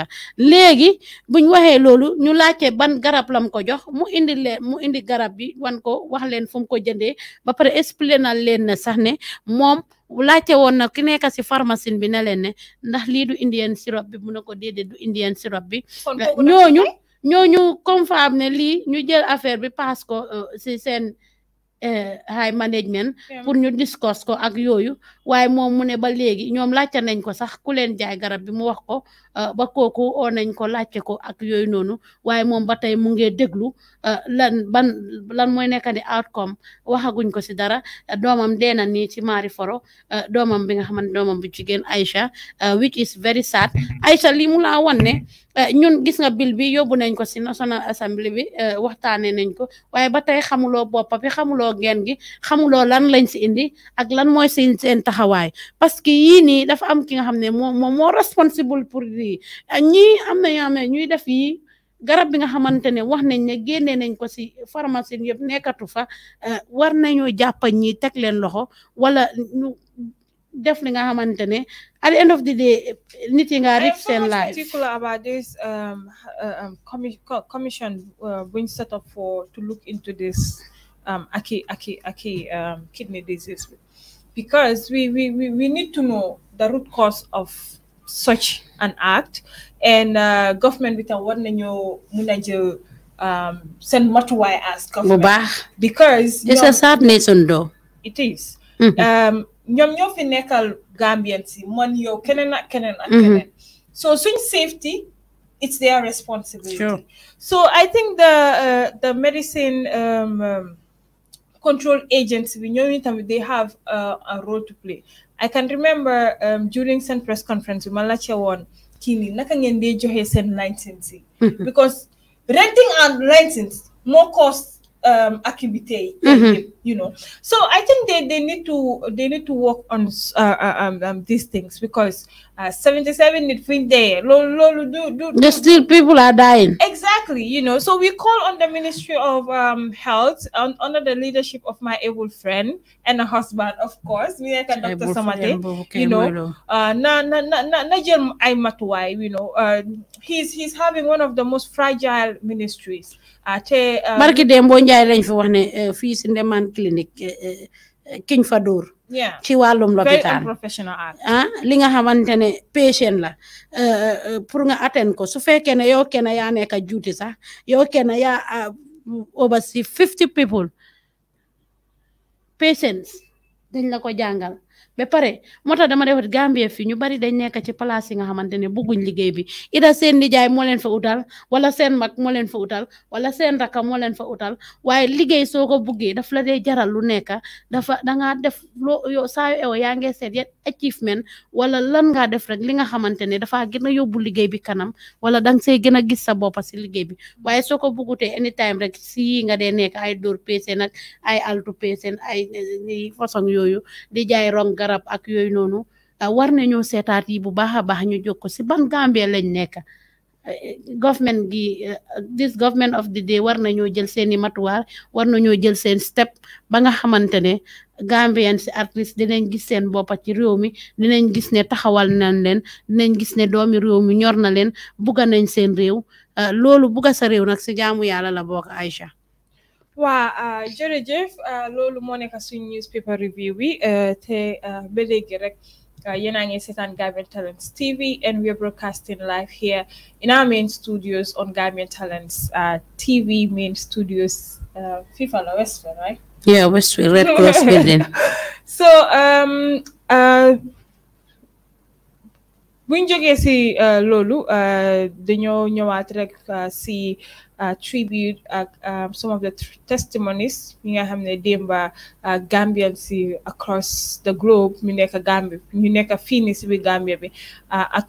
laajte ban garab lam ko jox mu indi leen mu indi garab bi wan ko wax leen fum ko jëndee ba pare expliqué na leen na sax ne moom u laajte woon na ki nekk si pharmacie bi ne leen ne ndax lii du indian sirop bi mu ne ko déedéet du indian sirop bi ñooñu ñooñu confirme ne lii ñu jël affaire bi paas ko euh, si seen euh, high management pour ñu discuss ko ak yooyu waaye moom mu ne ba léegi ñoom laajte nañ ko sax ku leen jaay garab bi mu wax ko euh, ba kooku oo nañ ko laajte ko ak yooyu noonu waaye moom ba tey mu ngi déglu euh, lan ban lan mooy nekk di outcome waxaguñ ko si dara doomam dee na nii ci maari Foro euh, doomam bi nga xamante doomam bu jigéen Aïcha which is very sad Aïcha lii mu laa wan ne ñun gis nga bil bi yóbbu nañ ko si National Assembly bi waxtaane nañ ko waaye ba tey xamuloo boppa bi xamuloo geen gi xamuloo lan lañ si indi ak lan mooy taxawaay parce que yii nii dafa am ki nga xam ne moom moom moo responsable pour lii ñii am na ñoo xam ñuy def yii garab bi nga xamante wax nañ ne génne nañ ko si pharmacie yëpp nekkatu fa eh, war nañoo jàppa ñi teg leen loxo wala ñu def li nga xamante at the end of the day nit yi nga risk seen life. I am so particular about this um, uh, um, commission uh, buñ set up for to look into this aki aki aki kidney disease because we, we, we, we need to know the root cause of such an act and uh, government with a warning nañoo mun send jël um, seen matuwaay as government because it's a sad nation though it is mm-hmm. um, ñoom ñoo fi nekkal Gambian si man yow mm-hmm. so suñ safety it's their responsibility so I think the uh, the medicine um, control agents. We know in itam they have a role to play I can remember um, during some press conference with ma la ca woon kii nii naka ngeen dee because renting and license more cost um, activity, mm-hmm. you know. So I think they, they need to they need to work on uh, uh um, um, these things because uh, 77 between there, lo, lo, do, do, do. still people are dying. Exactly, you know. So we call on the Ministry of um, Health on, under the leadership of my able friend and a husband, of course, me like Dr. Samade, you know. Uh, na na na na I you know. Uh, he's he's having one of the most fragile ministries. Ah, te. Um, barki Dembo Ndiaye lañ fi wax ne eh, fii si Ndeman clinique eh, eh, kiñ fa dóor. ci wàllum lopitaan ah li nga xamante ne patient la pour nga atteindre ko su fekkee ne yoo kenn yaa nekk juuti sax yoo kenn yaa ah, over si fifty people patients dañ la ko jàngal. ba pare moo tax dama defat Gambie fii ñu bari dañ nekk ci place yi nga xamante ne bëgguñ liggéey bi ida seen nijaay moo leen fa utal wala seen mag moo leen fa utal wala seen rakka moo leen fa utal waaye liggéey soo ko buggee daf la dee jaral lu nekk dafa dangaa def loo yo saa yu ew yaa ngi seet yan achievement wala lan ngaa def rek li nga xamante ne dafaa gën a yóbbu liggéey bi kanam wala dang see gën a gis sa boppa si liggéey bi waaye soo ko buggutee anytime rek si yi nga dee nekk ay dóor peese nag ay altu ay façon yooyu di jaay ronga garab ak yooyu noonu ah, war nañoo seetaat yi bu baax a baax ñu jóg ko si ban Gambie lañ nekk government gi this government of the day war nañoo jël seeni matuwaar war nañoo jël seen step ba nga xamante ne Gambien si at least dinañ gis seen boppa ci réew mi dinañ gis ne taxawal nañ leen dinañ gis ne doomi réew mi ñor na leen bugga nañ seen réew ah, loolu bugga sa réew nag si jaamu yàlla la bokk Aïcha waa uh, jërëjëf uh, loolu moo nekk suñ newspaper review bi uh, te ba léegi rek yéen a ngi seetaan Gambian Talents TV and we are broadcasting live here in our main studios on Gambian Talents TV main studios fii fa la Westfield right. yeah Westfield Red Cross building. so um, uh, buñ jógee si loolu dañoo ñëwaat rek si. Uh, tribute uh, um, some of the testimonies Mina hamne démba uh, Gambian across the globe Mineka nekk Gambia ñu nekk fii Gambia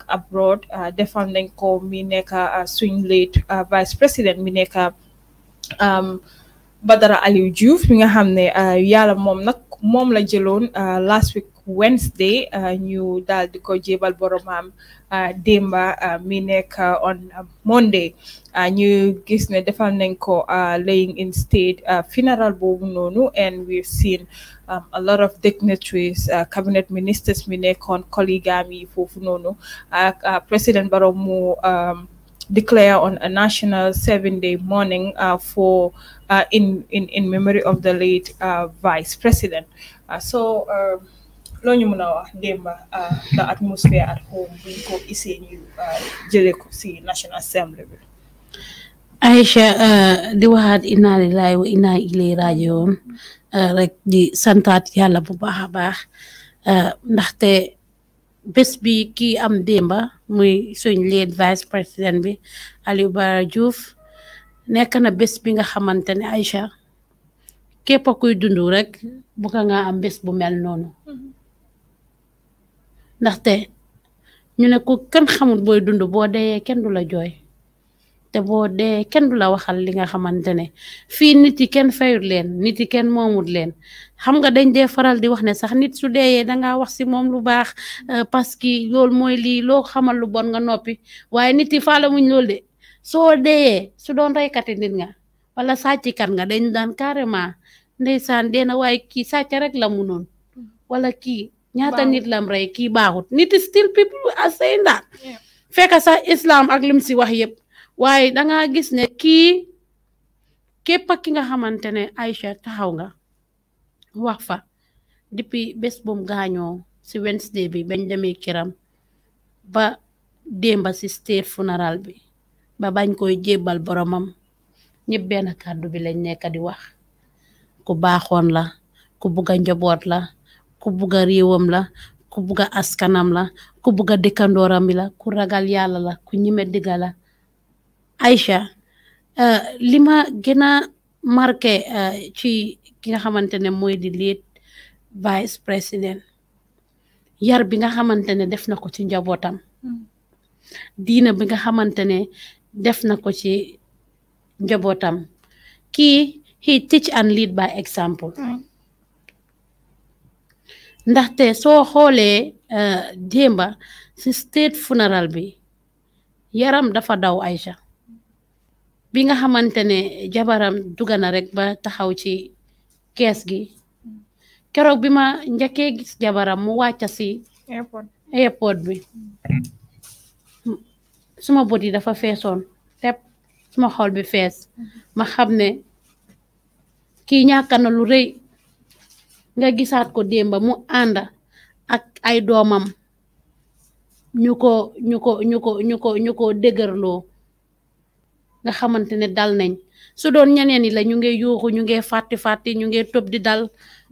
abroad Defending co. ko mi late vice président Mineka. nekk um, Badara Aliou Joof mi nga xam ne yàlla moom nag mom la jëloon last week Wednesday you uh, daal di ko jébal boromam uh, démba uh, mi on Monday You gis ne defal nañ laying in state funeral boobu noonu and we've seen um, a lot of dignitaries cabinet ministers mi nekkoon colleague am yi foofu président Barrow um, declare on a national seven-day mourning uh, for uh, in, in in memory of the late uh, vice president. so. Um, loo ñu mën a wax démba euh, the atmosphere at home buñ ko isee ñu euh, jële ko si National Assembly bi Aisha euh, di waxaat inna lillahi wa inna ilayhi rajiun rek di santaat yàlla bu baax a baax ndaxte bés bi ki am démba muy suñ lead vice président bi Alieu Bara Diouf nekk na bés bi nga xamante ne Aisha képp kuy dund rek bu ka nga am bés bu mel noonu mm-hmm. ndaxte ñu ne ku kenn xamul booy dund boo deyee kenn du la jooy te boo dee kenn du la waxal li nga xamante ne fii nit yi kenn fayut leen nit yi kenn moomut leen xam nga dañ de faral di wax ne sax nit su deeyee dangaa wax si moom lu baax euh, parce que loolu mooy lii loo xamal lu bon nga noppi waaye nit yi faala muñ loolu de soo deeyee su doon reykati nit nga wala sàccikat nga dañ daan carrément ndeysaan deena waaye kii sàcc rek la munoon wala kii ñaata nit lam rey kii baaxut nit still people are saying that fekk sax islam ak lim si wax yëpp waaye danga gis ne kii képp ki nga xamante ne Aïcha taxaw nga wax fa depuis bés bum gaañoo si Wednesday bi bañ demee kiram ba démba si state funeral bi ba bañ koy jébbal boromam ñëpp benn kàddu bi lañ nekk di wax ku baaxoon la ku la ku bugg a réewam la ku bugg a askanam la ku bugg a dëkkandooram bi la ku ragal yàlla la ku ñime digga la Aisha euh, li ma gën a euh, ci ki nga xamante ne mooy di lead vice président yar bi nga xamante ne def na ko ci njabootam hmm. diina bi nga xamante ne def na ko ci njabootam ki he teach and lead by example hmm. ndaxte soo xoolee euh, démba si state funeral bi yaram dafa daw Aïcha bi nga xamante ne jabaram dugga na rek ba taxaw ci kees gi keroog bi ma njëkkee gis jabaram mu wàcca si airport bi suma bët yi dafa feesoon tepp suma xol bi fees ma xam ne kii ñàkk na nga gisaat ko démba mu ànd ak ay doomam ñu ko ñu ko ñu ko ñu ko ñu ko dëgërloo nga xamante ne dal nañ su doon ñeneen yi la ñu ngi yuuxu ñu ngi fàtti fàtti ñu ngi tëb di dal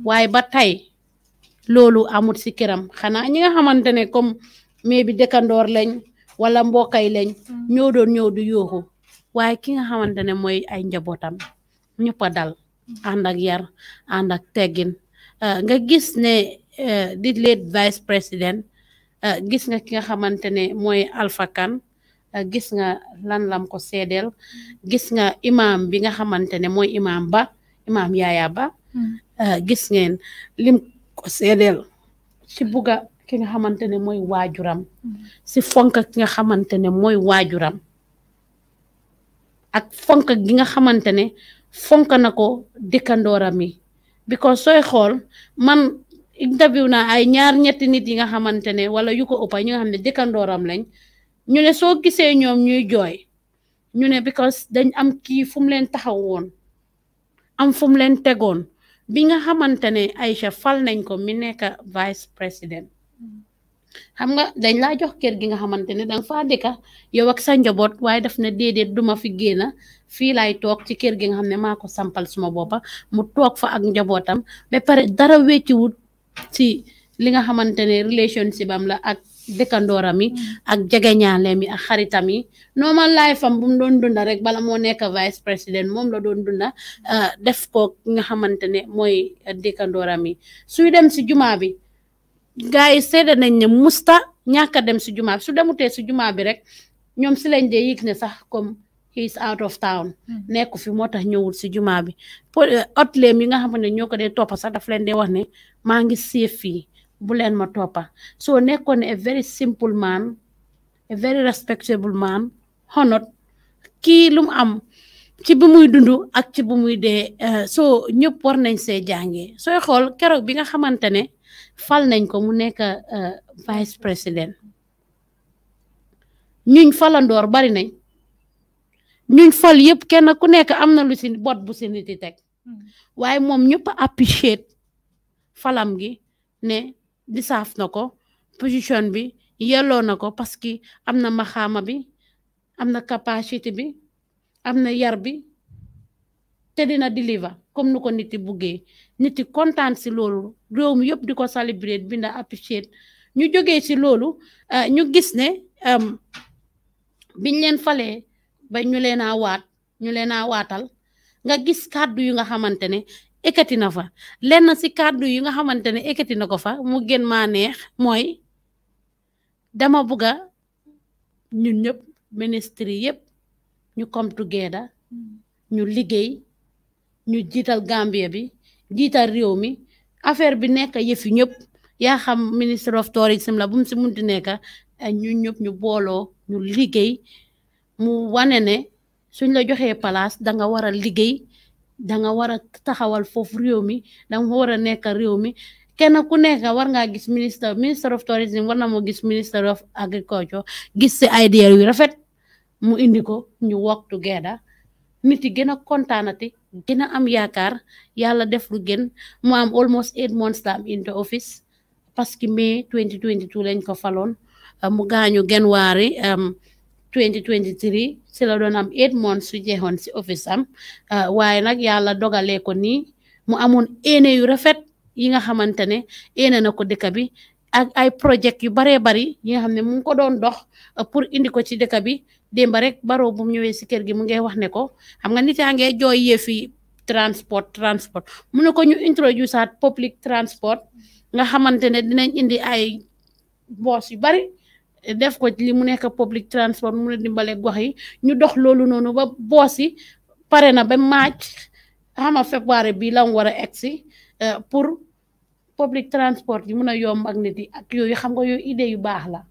waaye ba tey loolu amut si këram xanaa ñi nga xamante ne comme mais bi dëkkandoor lañ wala mbokay lañ ñoo doon ñëw di yuuxu waaye ki nga xamante ne mooy ay njabootam ñëpp a dal ànd ak yar ànd teggin Eh, nga gis ne eh, di late vice président eh, gis nga ki nga xamante ne mooy Alpha gis nga lan lam ko seedeel gis nga imaam bi nga xamante ne mooy imaam ba imaam yaaya ba hmm. gis ngeen lim ko seedeel ci buga ki nga xamante ne mooy waajuram si hmm. fonk ki nga xamante ne mooy waajuram ak fonk gi nga xamante ne fonk na ko because sooy xool man interview na ay ñaar ñetti nit yi nga xamante ne wala yu ko ëppa ñu nga xam ne dëkkandooram lañ ñu ne soo gisee ñoom ñuy jooy ñu ne because dañ am kii fu mu leen taxaw woon am fu mu leen tegoon bi nga xamante ne Aisha fal nañ ko mi nekk vice président xam nga dañ laa jox kër gi nga xamante ne danga faa dëkka yow ak sa njaboot waaye daf na déedéet duma fi génna fii laay toog ci kër gi nga xam ne maa ko sampal suma boppa mu toog fa ak njabootam ba pare dara wecciwut ci li nga xamante ne relationship am la ak dëkkandooram yi mm. ak jegeñaaleem yi ak xaritam yi normal life am bu mu doon dunda rek bala moo nekk vice président moom la doon dunda mm. euh, def ko nga xamante ne mooy dëkkandooram yi suy dem si jumaa bi gars yi seede nañ ne musta ñàkk dem si jumaa su demutee si jumaa bi rek ñoom si lañ dee yëg ne sax comme he is out of town. Hmm. nekku fi moo tax ñëwul si jumaa bi pour eh, otleem nga xam ne ñoo ko dee toppa sax daf leen dee wax ne maa ngi séef fii bu leen ma toppa soo nekkoon ne a very simple man a very respectable man honot kii lu am. ci bi muy dund ak ci bi muy dee eh, soo ñëpp war nañ see jàngee sooy xool keroog bi nga xamante ne fal nañ ko mu nekk euh, vice président ñuñ falandoor bari nañ ñuñ fal yëpp kenn ku nekk am na lu si boot bu si nit teg mm. waaye moom ñëpp apprécié falam gi ne di saaf na ko position bi yelloo na ko parce que am na maxaama bi am na capacité bi am na yar bi te dina deliver comme nu ko nit yi buggee nit yi kontaan si loolu réew mi yëpp di ko célébrer binda appreciate ñu jógee si loolu eh, ñu gis ne biñ leen falee ba ñu leen a waat ñu leen a waatal nga gis kàddu yi nga xamante ne ekkati na fa lenn si kàddu yu nga xamante ne ekkati na ko fa mu gën maa neex mooy dama bugga ñu ñëpp ministre yëpp ñu come together mm. ñu liggéey ñu jiital Gambia bi jiital réew mi affaire bi nekk yëfi ñëpp yaa xam ministre of tourism la bu mu si munti nekk eh, ñun ñëpp ñu booloo ñu liggéey mu wane ne suñ la joxee palace danga war a liggéey danga war a taxawal foofu réew mi danga war a nekk réew mi kenn ku nekk war ngaa gis ministre minister of tourism war na moo gis minister of agriculture gis si idea yu rafet mu indi ko ñu work together nit yi gën a kontaanati gën am yaakaar yàlla def lu gën mu am almost eight months la am into office parce que mai 2022 lañ ko faloon euh, mu gaañu January 2023 um, si la doon am eight months su jeexoon si office am euh, waaye nag yàlla dogalee ko nii mu amoon éene yu rafet yi nga xamante ne éene na ko dëkk bi ak ay projet yu baree bari yi nga xam ne mu ngi ko doon dox euh, pour indi ko ci dëkk bi démba rek baroo bu mu ñëwee si kër gi mu ngay wax ne ko xam nga ni nit yaa ngee jooy yëfi transport transport mu ne ko ñu introduce at public transport nga xamante ne dinañ indi ay boos yu bari def ko li mu nekk public transport mu ne dimbale gox yi ñu dox loolu noonu ba boos yi pare na ba maaj xama février bi la mu war a egsi euh, pour public transport yi mun a yomb ak nit ak yooyu xam nga yooyu idée yu baax la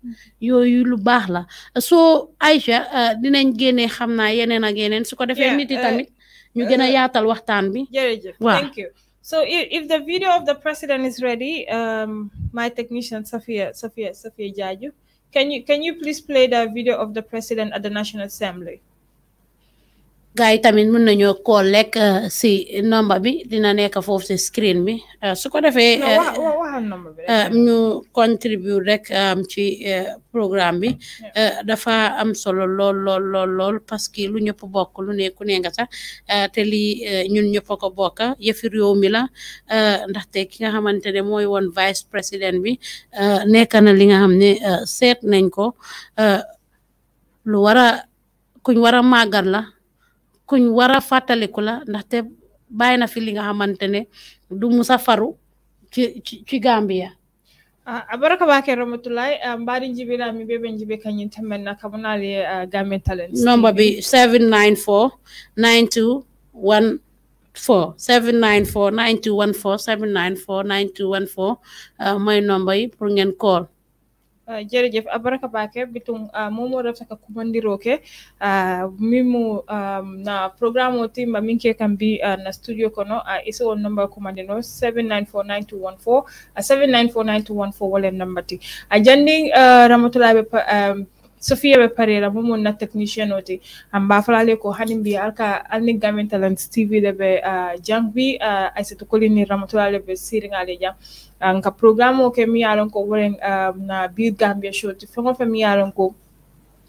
yooyu lu baax la soo Aïcha euh, dinañ génnee xam naa yeneen ak yeneen su ko defee nit yi uh, tamit ñu gën a uh-huh. yaatal waxtaan bi jërëjëf waaw thank you so if the video of the president is ready um, my technician Safia Safia Safia Jaaju can you can you please play the video of the president at the National Assembly gars yi tamit mën nañu koo lekk euh, si nomba bi dina nekk foofu si screen bi euh, su ko defee euh, ñu contribute rek ci programme bi dafa am solo lool lool lool lool parce que lu ñëpp bokk lu ne ku ne nga sax te lii ñun ñëpp ko bokk yëfi réew mi la ndaxte ki nga xamante ne mooy woon vice président bi nekk na li nga xam ne seet nañ ko lu war a kuñ war a màggal la kuñ war a fàttaliku la ndaxte bàyyi na fi li nga xamante ne du musa faru ci ci Gambia ah, abaraka bake rahmatullah ah, mbari njibira mi bebe njibe kanyin temen na kamunali ah, Gambian Talents number be 794 9214 794 9214 794 9214 mooy number yi pour ngeen a euh, jërëjëf abaraka bake bitum euh, momo refsaka kumandiroke euh, mimu na programme o timba minke kam bi na studio kono isi won number kumandino 7949214 7949214 wolem number ti a jandi ramatulaɓe sofia be pare la mumu na technician oti amba falale ko hanim bi alka alni gamen talent tv le be uh, jang bi uh, aisetu ni ramatola ale be siringa le jang nka programme o ke mi alon ko wolen na bi gambia show ti fengo fe mi alon ko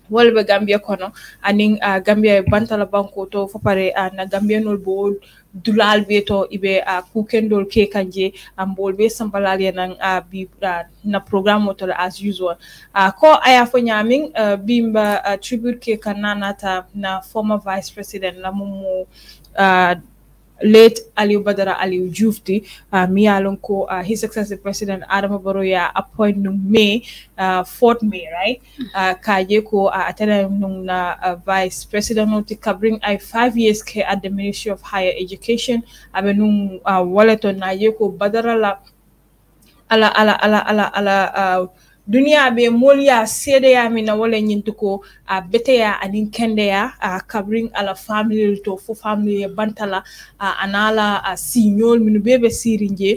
wol be gambia kono anin uh, gambia bantala banko to pare uh, na gambia nol bo dulal to ibe a kukendol ke kanje ambol be sambalal nan a bi na program motor as usual a ko aya fo nyamin bimba tribute ke kanana ta na former vice president la mumu late Ali Badara Ali Jufti, uh, Mialonko, uh, his successor president Adam Boroya appoint nung May, uh, 4th May, right? Mm-hmm. Uh, kaje ko uh, atena nung na uh, vice president noti kabring I 5 years ke at the Ministry of Higher Education, abe nung uh, na ye ko Badara la ala ala ala ala ala uh, duniya be moolu ye seedeya min na wole le ñinti a beteya aniŋ kendeya a kabiriŋ ala familil to fo famili ye bantala a anala a siiñoolu minu bee be siirin je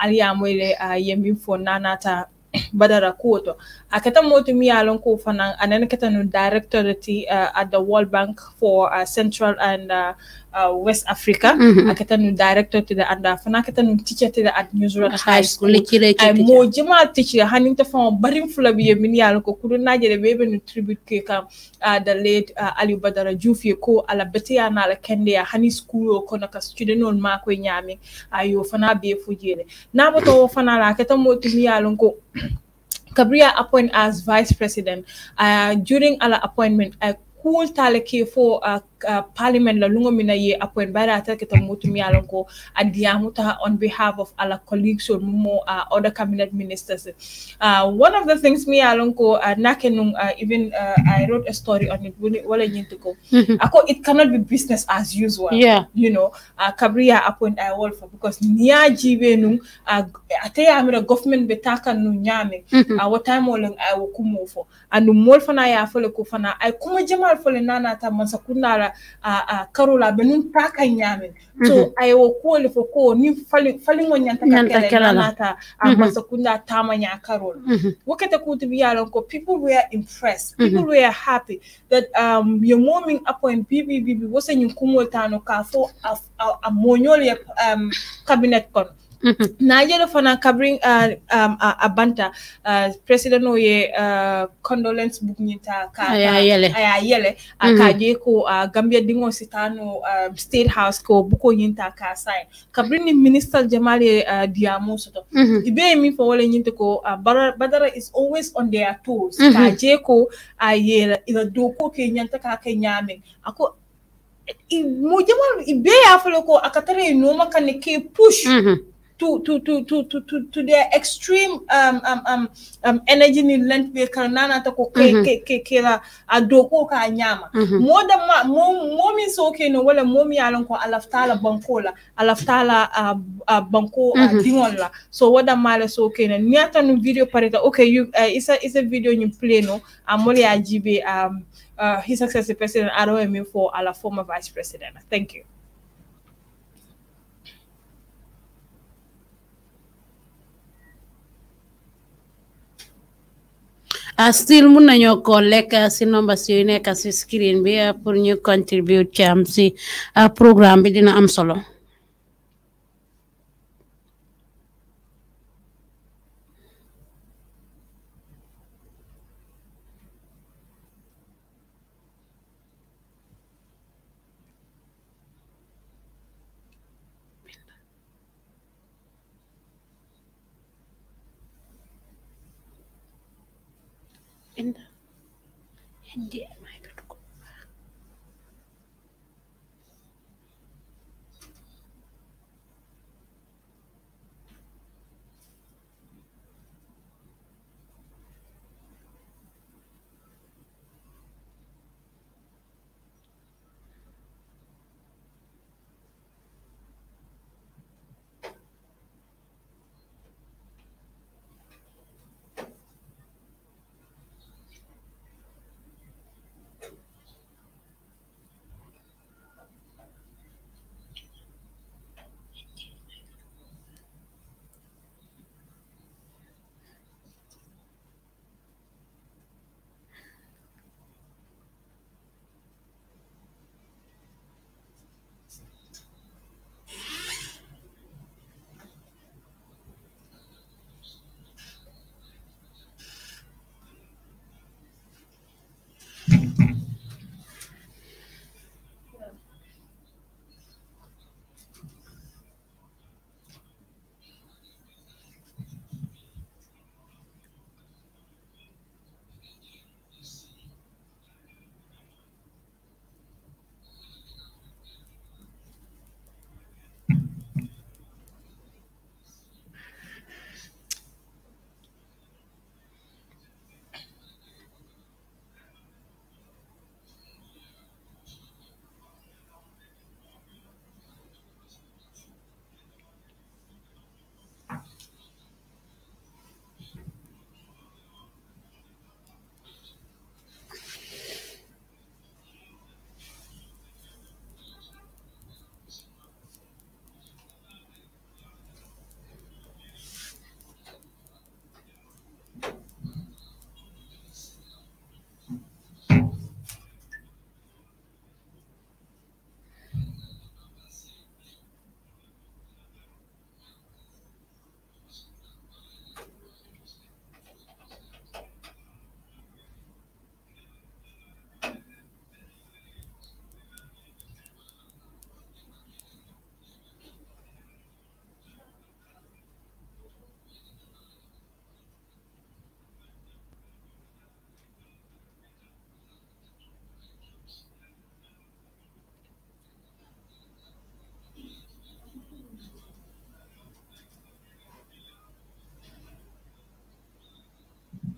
ali ye moyi le ye min fo nanata badara kuwo to a keta motu mi yalon ko fana anan keta no director uh, at the World Bank for uh, Central and uh, uh, West Africa mm -hmm. a keta no director tida the anda fana keta no teacher to the at New Zealand High School ay mo jema teacher hanin ta fama barim fula bi min yalon ko kudu najere bebe no tribute ke kam uh, the late uh, Ali Badara Jufi ko ala betiya na ala kende ya hani school ko na ka student on ma ko e nyami ayo fana be fujere na boto fana la keta motu mi yalon ko Kabria appointed as vice president. Uh, during our appointment, a uh, cool Taleke for a uh, uh, parliament la lungo mina ye appoint by ata ke tamutu mi alanko adiamu ta on behalf of our colleagues or mumo uh, other cabinet ministers uh, one of the things mi alanko uh, nakenung uh, even I wrote a story on it wala yinto ko mm-hmm. ako it cannot be business as usual yeah you know uh, kabriya appoint I wolf because niya jibe nung uh, ate amira government betaka nu nyame mm -hmm. time wolang I will come over and mol fana ya fole ko fana kuma a karo la nun ta ka ɲaamin so mhm. a ye o ko le fo ko ni falingo ɲanta ka kɛlɛ a mhm. masa taama ɲa karo la mhm. wo kɛtɛ k'u tibi yaa lɔn ko people were impressed people were happy that um, ye mɔɔ min appoint bibi bibi wo se ɲin kumo taa k'a fɔ a mɔɲol ye um, cabinet kɔnɔ Mm-hmm. na jere fana kabrin uh, um, uh, a banta uh, president no ye uh, condolence book ñinta ka aya yele aya mm-hmm. a ka je ko uh, gambia dingo sitano um, state house ko buko ta ka sign kabrin ni minister jamal ye uh, diamo soto mm -hmm. mi fo wala ñinte ko uh, badara, is always on their toes mm -hmm. ka je ko a yela ila do ko ke ñanta ka ka nyame ako mo jamal ibe ya falo ko akatare no makane ke push mm -hmm. to to to to to to, to their extreme um um um, um energy ni lent be kan nana ta ko ke mm-hmm. ke ke ke la a doko ka nyama mm-hmm. mo da ma mo mo mi so ke no wala mo mi alon ko alaftala banko la alaftala a uh, banko a mm-hmm. dingol la so wada mala so ke na ni ata no video pareta okay you uh, it's a is a video you play no amole ajibe um uh, his successor president Ado Emin for a former vice president. Thank you. Ah, still mun naño koo lekk si nomba yu nekk si screen bi ah, pour ñu contribute ci am si ah, programme bi dina am solo إن عندي أنواع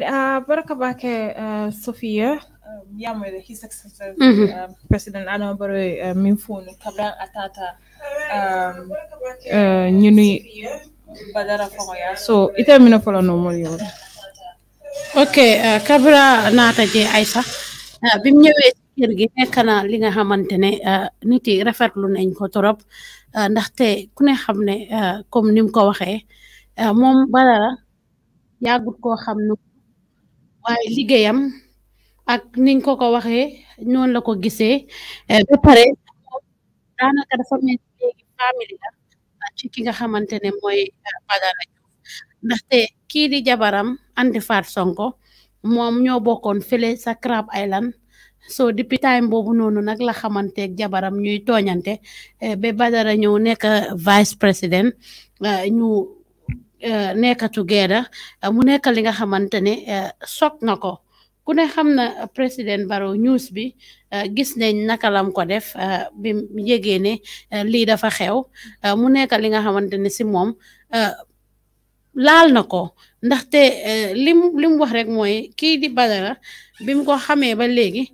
right. Uh, Barakabake uh, Sophia. Um, yamwede his excellency mm -hmm. um, president adama barrow uh, um, min funu kabla atata um, uh, so ite mina fola no mol yo ok uh, kabra naata je ay uh, bim ñëwee ci gi nekk na li nga xamante ne uh, nit yi rafetlu nañ ko torop uh, ku ne xam ne uh, comme nim ko waxee uh, moom badara yàggut xam waaye liggéeyam ak niñ ko ko waxee noonu la ko gisee eh, ba pare daanaka famille la ci ki nga xamante ne mooy eh, Badara Diouf ndaxte kii di jabaram Andi Sonko moom ñoo bokkoon fële sa Crab Island so depuis time boobu noonu nag la xamanteeg jabaram ñuy tooñante eh, ba Badara ñëw nekk vice président ñu Eh, nekka together eh, mu nekka li nga xamante ne eh, soog na ko ku ne xam na président Barrow news bi gis nañ naka lam ko def bi yégee ne lii dafa xew mu nekka li nga xamante ne si moom laal na ko ndaxte lim lim wax rek mooy kii di Badara bi ko xamee ba léegi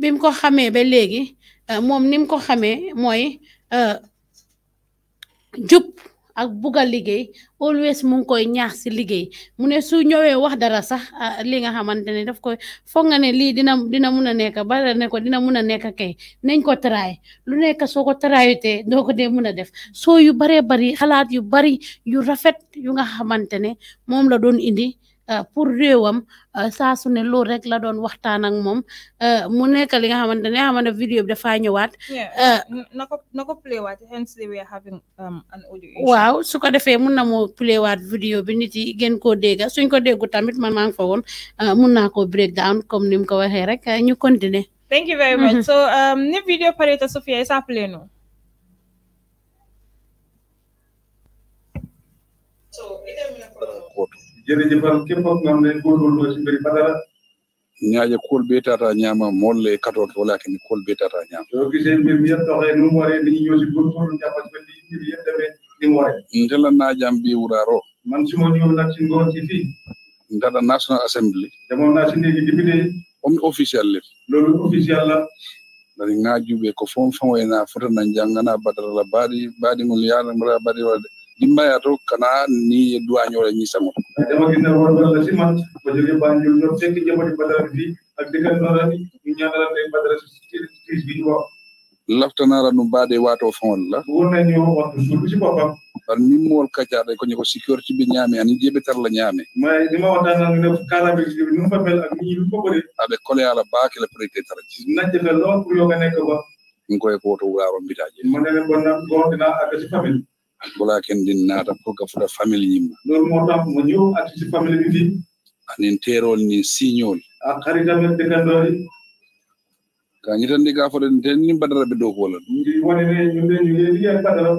bi mu ko xamee ba léegi moom ni ko xamee mooy jub ak buga liggéey always mu ngi koy ñaax si liggéey mu ne su ñëwee wax dara sax a ah, li nga xamante ne daf koy foog nga ne lii dina dina mun a nekk ba ne ko dina mun a nekk kay nañ ko taraay lu nekk soo ko taraayutee doo ko dee mun a def soo yu baree bari xalaat yu bari yu rafet yu nga xamante ne moom la doon indi Euh, pour réewam euh, saa su ne loolu rek la doon waxtaan ak moom euh, mu nekk li nga xamante ne xamante vidéo bi dafaa ñëwaat. na ko play waat hence we um, waaw su ko defee mun na moo play waat vidéo bi nit yi gën koo dégg suñ ko déggu tamit man maa ngi fa woon mun naa koo break down comme ni mu ko waxee rek ñu continuer. thank you very much mm-hmm. so um, ni video pareta Sofia isa play no. so. jerejefal keppak ngam ne golgol ɗo simbiri badara ñaaje kool tata ñaama molle katoke wala kene kool beetata ñaama yo gise mbir mi yettoxe num ware ni ñoosi gontoru jàppat fandi mbir yettame ɗin ware ndela naajam mbi wuraaro man simo ñoom nag si ngoon si fii ndaɗa national assembly jamon naa si neegi député om officiel le loolu officiel la dari ŋaajuɓe ko fon fan wayna fotana janngana badara la baaɗi baaɗi yaala ngora dimbayato kana ni ye duwañoo ñi sango dama gis ne war la si man ba jóge Banjul ñoom fekk jëmati badara bi ak dëkkal nara ni ñu a leen badara tiis bi ñu wax laftanaara no mbaade waato la wonani o wonto suudu si boppam par min mool kajaarɗe ko ñeko sécurité ɓe ñaame ani jeeɓe tarla ñaame ma baake le prété taraji najje fel ɗo pour yoga nekk ba ɗum woto wuraaro mbitaaje bulaken din naata pour que fuɗa famille ñimma ɗon moo tax mo ñëw attiti famille ɗi ɗi anin terol ni signol a karitamen de gandoɗi ka ñitandi ka foɗen ten badara ɓe dow kolan ndi wonene ñumde ñuge ɗiyen badara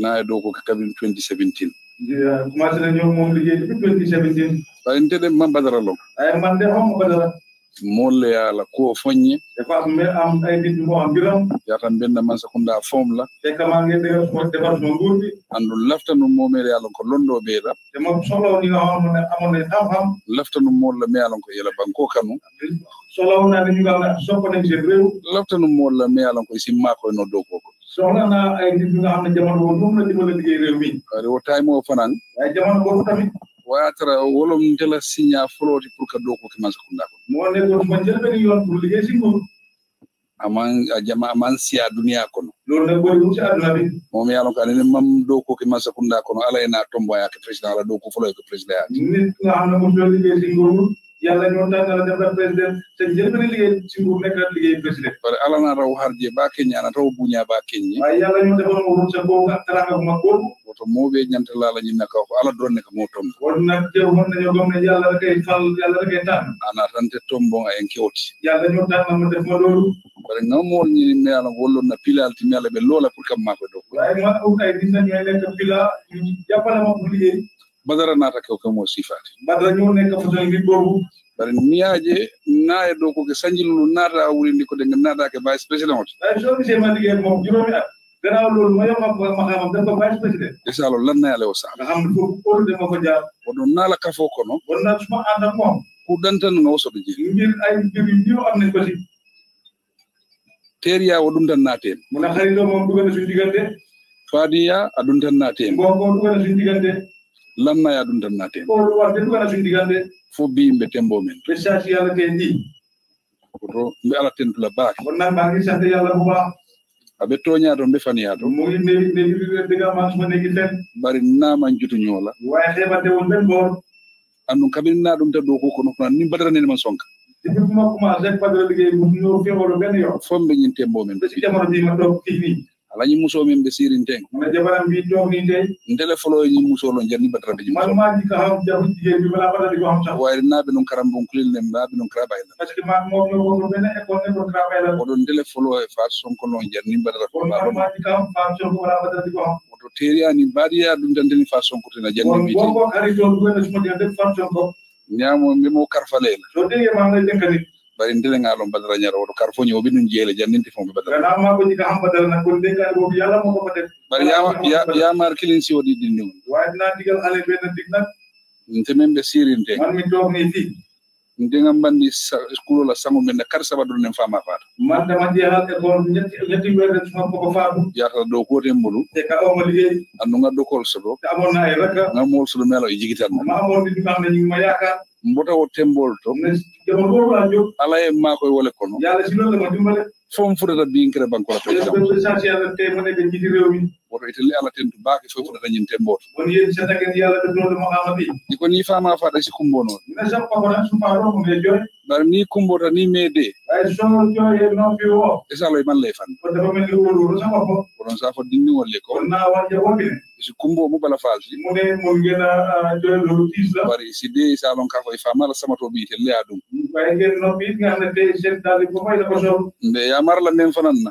na e dow ko kabin homo badara molleyaala kuwo foññe e ko am am ay ndindu mo am giram yatan mbinda mansakunda fomla te kama ngeen ɗega ko mo yela banko kanu sohlawnani ñugamna soppane sen rew laftanu molla tamit wayatara wolom ndela signa foloti pour que ɗo ko ke masakundago mone wolma jelɓeni yon pour liggey singo aman a jama aman siya duniya kono lolne ɓoy ɗum mam ɗo ko ke masakunda kono ala ena tomboyake président ala ɗo ko foloy ko président yake ni yàlla ñoon daan na la defal président te njël bëri liggéey ci nguur nekkat liggéey président bare ala na raw harje ba kenya na taw buña ba kenya waaye yàlla ñoon defal nguur sa ko ak talaka ma ko woto mo be ñanta la la ñin ko ala don ne ko mo tom won nak jew mon nañu gom ne yàlla da kay fal yàlla da kay tan ana tante tombo en kewti yàlla ñoon daan na mo def ma loolu bare no mo ñi ne ala wollo na pilal ti mele be lola pour kam ma ko do waaye ma ko kay dina ñay lekk pila ñu jappala ma ko liggéey badara naatake ko mo sifaade badara ñoo nekka fotan liggoogu bare niyaaje naaye ɗo koke sañillu naata wuri ndi ko ɗe naatake vice président oto soɗise mandigue teriya o tan naate en mona a ɗum tan naate en lammaya ɗum damnaten o ɗum wadde ɗum kana findigal nde fof mbi yimɓe tembo men message yalla ke ndi koto mbe ala tentula baake wonnan mbaaki sante yalla ko baa aɓe toña to mbefaniya to mo yimɓe yimɓe ɗiga masuma negi ten ya bari naman jutu ñoola waya heɓate won ɓen boor andum kabinna ɗum ta dow ko kono kono ni badaranene man sonka depuis ma commencé badara liggéey ñoo fewolo ɓen yo fomɓe ñin tembo men ɓe si jamono mbima ɗo kiwi ala ñi muso min be sirin ten ma jabaran mbi tohni ten ndele folo ñi muso lo jarni badra be muso ma ji ka ham jabu jigen bi bala bala ko ham sa wayri na be non karam bon kulil nem na be non kraba ila parce que ma mo lo wono bene e ko ne ko kraba ila o don ndele folo e far son ko non jarni badra ko ma ma ji ka ham far son ko bala badra ko ham o do teriya ni bariya dum dandini far son ko tena jarni bi ko ko kari to ko ne sumo de far son ko ñamo mi mo karfalela so de ma ngi denkani Ya bari ndelenga ɗon badarañara oɗo kar fof ñooɓi ɗum jeele janninti fonko ya yamar ya kilin si oɗi ɗinni on nte men ɓe sirinte ndegam banndi kulola sango men ne kadi sababu nen faama faata manda ma jeehal e gon ñetti ñetti weere tuma ko faatu yaata dow gooten mbulu e ka o ma liggey anndu ngaddo kol sodo amonna e rakka ngamol sodo melo e ma amon ɗi ɗum amna ñima mbota wo tembol to ala e makoye wole kono fom fudata binkere bankola to woto ite le ala tentu baake fof oɗo dañin tembooto woni yen sedagen yala ɓe dowde mo ama ɗi ɗi ko ni fama faɗa si kumbonoon ina sappa kono sumaɗo ko mbe joy bar ni kumbota ni meede ay soo joy e non fi o e salo e malla e fan ko dafa mel ni woluwolu sama ko konon bari si de salon ka ko e famala samato biite leya ɗum way ngen no fananna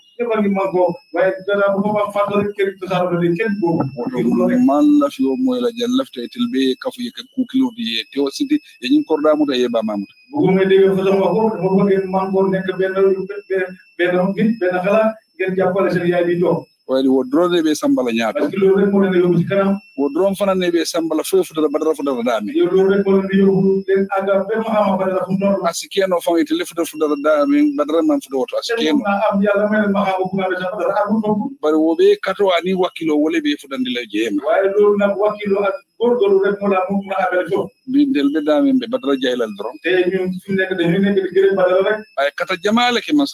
keɓal a goo waye dana hoɓa faddore keri tosaɗoɗe ken goo man lafiyo moyla jan lafta e tel ɓe kafo yeke kukilode ye tewo sidi e ñin korɗamuta e bamamuta bogume dewi fosomo ko hoɓe mango nekk ɓe ɓe ɓe no git ɓe no hela gen jappale sen yaaɓi to wayli wodrone ɓe sambala ñaato wodron fana ne ɓe sambala foye futata badara fudara daame a sikeno fan itele futata futata daame badara man futa woto a sikeno bari wo ɓe kato ani wakkilo wole ɓe fudandila jeema góorgóorlu rek moo laa moom mën a amee jox bindel ɓe damin ɓe badara jaylal doron te ñun suñu kata jamale ke man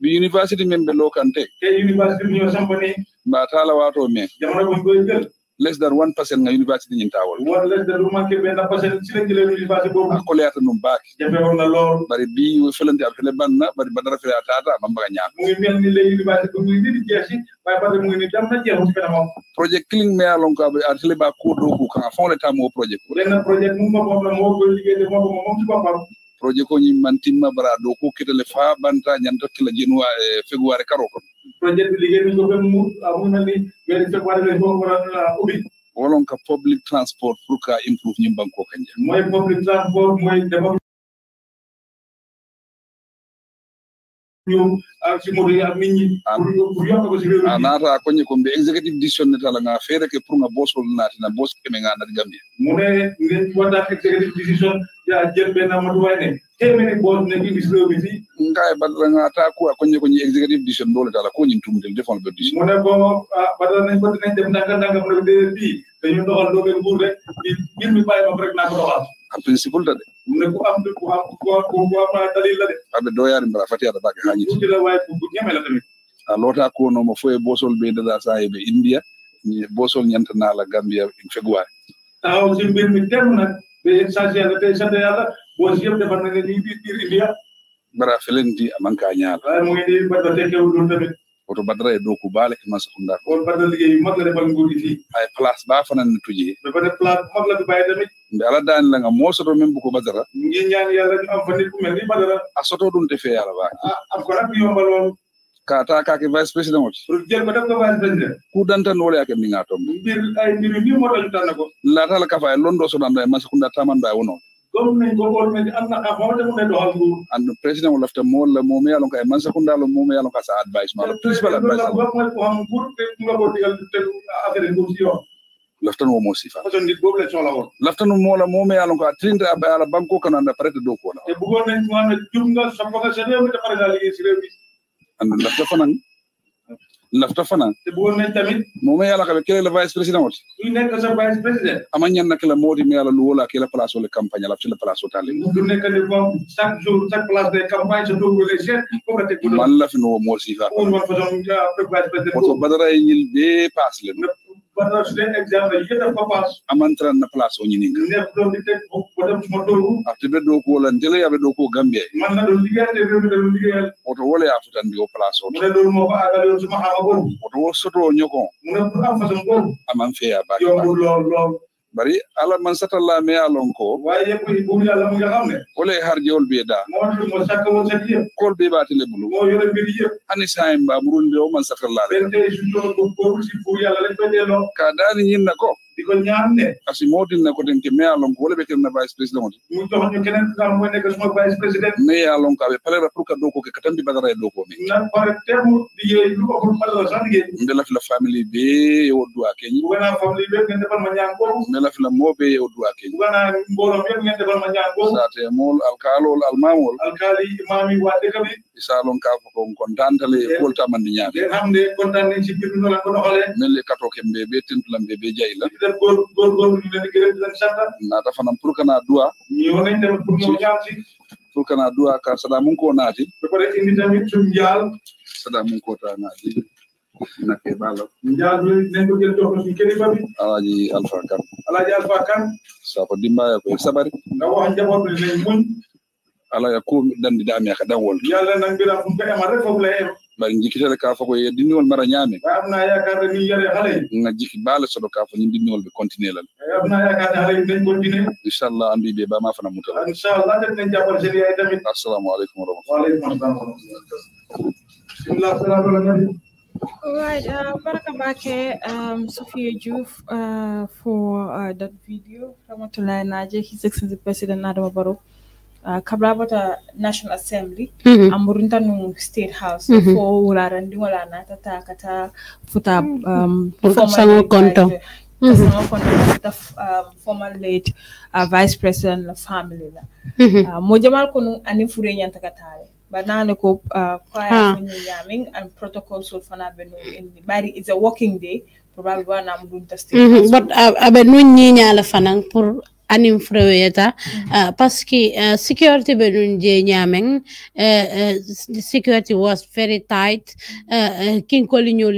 bi université men ɓe lokante te université wato men less than one percent nga university ñin tawol won less than dum manke ben percent ci lañ jëlé university bobu ko leata num baaki jafé won na lool bari bi felante ak le ban na bari ban rafé tata ba mbaga ñaan mu ngi melni le university ko muy nit jeexi way ba mu ngi ni na jeexu ci project killing me alon ko ak le ba ko do ko ka fon le tamo project len project mu ma mom la mo ko liggé de mom mom ci bopam projet ko ñi man ma bara do ko kitale fa banta ñanta kila jenwa e eh, february karo ko projet uh, bi public transport pour improve public transport a ah, ah, naata a ñi ko mbi exécutif décisionné tala nga feere ke pour nga boosol naatina a keme nga ndat gambia mu ne wadda exécutif ne téeméeri ne ki gis badara nga taa kuwa ko ñi ko doole tala ko ñi tumtel defon be décision ne ko ah, badara nañ ko dinañ a principal ta de ne ku am ku am ku am dalil la de aɓe doyari mbara fati aɗa a hañi ɗuɗila wawi a loota konoma fo bosol ɓeydata saha ɓe india bosol ñantanala gambia fegwari taw so mbirmi temna ɓe sagiade ɓe sade allah bosi yeb defatnaga ni ɗiɗɗir india mbara felenti amanka ñaala mo ini mbaɗɗo oto badra e doku balek ma so ndar ko on badal liggéey mag la defal nguur fi ay place ba fanan ne tujee dafa def place mag la fi bàyyi tamit mbe ala daani la nga mo moosoto men bu ko badara ngi ñaan yalla ñu am fa nit ku melni ni badara a soto ɗum te fee yàlla baa am ko rap yo mbal won ka ta ka ke vice president wot jël ko dem ko vice president ku dantan wala yake mi nga tom mbir ay mbir ni mo tan ko la tal ka fay londo so day ma so ndar ba wono government government anna ka and president will after more la mo me alon ka man sekunda lo mo me alon ka sa advice ma la mo ko am gur pe ko ko digal te affaire na prete do ko lafta fana te bugon men tamit mo me yala kabe kele le vice president ot i la modi me yala lu wala kele place la le le bon chaque jour chaque place de campagne le jet man la no mo fa ko euh, badara yil be pass le amantran na place o ñinin ate ɓe ɗo kuwola ndele yaɓe ɗo kuwo gambe oto wole a futandi o place oto oto wo soto o ñokon aman feya bake bari ala man satalla me alon ko waye ko be da kol be baati le bulu mo yore ba e murun be man satalla le be te suno ko ko si bumi ala ko di ko ñaan ne asi moo din na ko ten ke me a lonko wala ɓe ken na vice president oti mu jox ñu keneen nga moy nekk suma vice president me ya lonko pale ba pour ka doko ke katandi badara e doko me nan pare di ye lu ko kon palera sax ye mbe la fila family be yo ke ni wona family be ngende ban ma ñaan ko mbe la fila mo be yo ke ni wona mbolo be ngende ban ma ñaan ko sate mol alkalol almamol alkali mami wa de kabi isa lon ka ko kon dantale kolta man ni ñaabe hamde kon tan ni ci bir no la ko no ole mel kato kembe be tentulam be be jayla nder gol gol gol kana duwa yiwonen tan pour no jamti kana duwa ka saɗa mum naati ɓe koɗe indi jaal saɗa ko ta naati nakke ɓaalo jaalu nenɗogel ɗoto ɗi kedi kan alaji alpha kan sabari gawo han jaɓoɓe nen muñ ala ya ko dandiɗami aka bari jikitele ka fo ko yeddindiwol mara ñaami amna yakarde min yere haalay na jiki baala soɗo ka fo ñindindiwol ɓe continue lal amna yakarde haalay nden continue inchallah an mbiɓe bama fana mutal inchallah den nen jaɓol seni ay damit assalamu aleykum wa rahmatullah waaleykum salam wa rahmatullah bismillah salatola nabi All right, uh, Barakabake, um, Sophia Juf uh, for uh, uh, kabrabata national assembly mm -hmm. state house mm-hmm. fo wurara ndingola natata kata futa mm-hmm. um, futa mm-hmm. um, late vice president la family la mm -hmm. konu ani fure nyanta katale banane ko uh, choir ah. yamming protocol so fana benu in it's a working day probably wana mdunta state mm but uh, abe nu nyinya la fanan anin freweta mm-hmm. uh, paski uh, security benun je nyamen uh, uh, security was very tight uh, uh, king ko linyo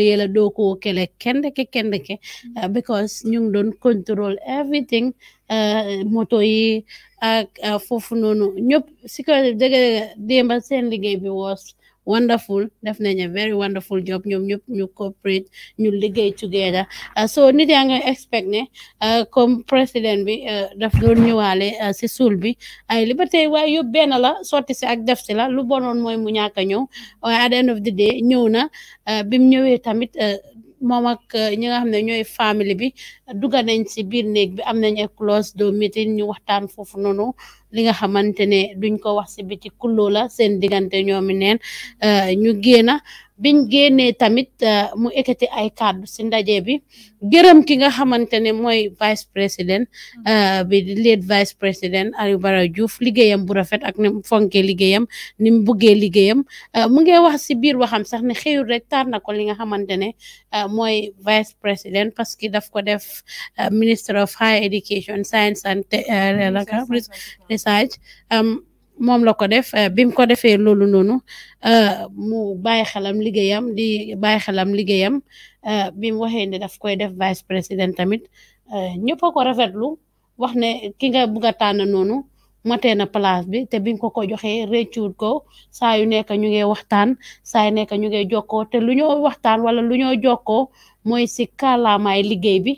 kele kende ke mm-hmm. uh, because ñu don control everything uh, moto yi ak uh, fofu nonu ñep security de de demba sen liggey bi was wonderful def nañ a very wandaful job ñoom ñëpp ñu cooperate ñu liggéey together uh, so nit yaa nga expect ne uh, comme président bi uh, daf doon ñëwaale si suul bi ay li ba tey waaye yóbbu benn la sotti si ak def si la lu bonoon mooy mu ñàkk a ñëw waaye at the end of the day ñëw na bim ñëwee tamit moom ak ñi nga xam ne ñooy famille bi dugga nañ si biir néeg bi am nañ a close door meeting ñu waxtaan foofu noonu li nga xamante ne duñ ko wax si biti kulloo la seen diggante ñoomi neen euh, ñu génna biñ génnee tamit euh, mu ekkati ay kàddu si ndaje bi gërëm ki nga xamante ne mooy vice président mm-hmm. euh, bi di lead vice président Alieu Barrow Diouf liggéeyam bu rafet ak ni fonkee liggéeyam ni mu buggee liggéeyam euh, mu ngi wax si biir waxam sax ni xëyul rek taar na ko li nga xamante ne mooy vice président parce que daf ko def ministre of higher education science and mm-hmm. research moom la ko def euh, bi mu ko defee loolu noonu euh, mu bàyyi xelam liggéeyam di bàyyi liggéeyam euh, bi mu waxee ne daf koy def vice président tamit ñëpp a ko rafetlu wax ne ki nga bugg noonu matee na place bi te biñ ko ko joxee réccuut ko saa yu nekk ñu ngi waxtaan saa yu nekk ñu ngi jokkoo te lu ñoo waxtaan wala lu ñoo jokkoo mooy si kàllaamaay liggéey bi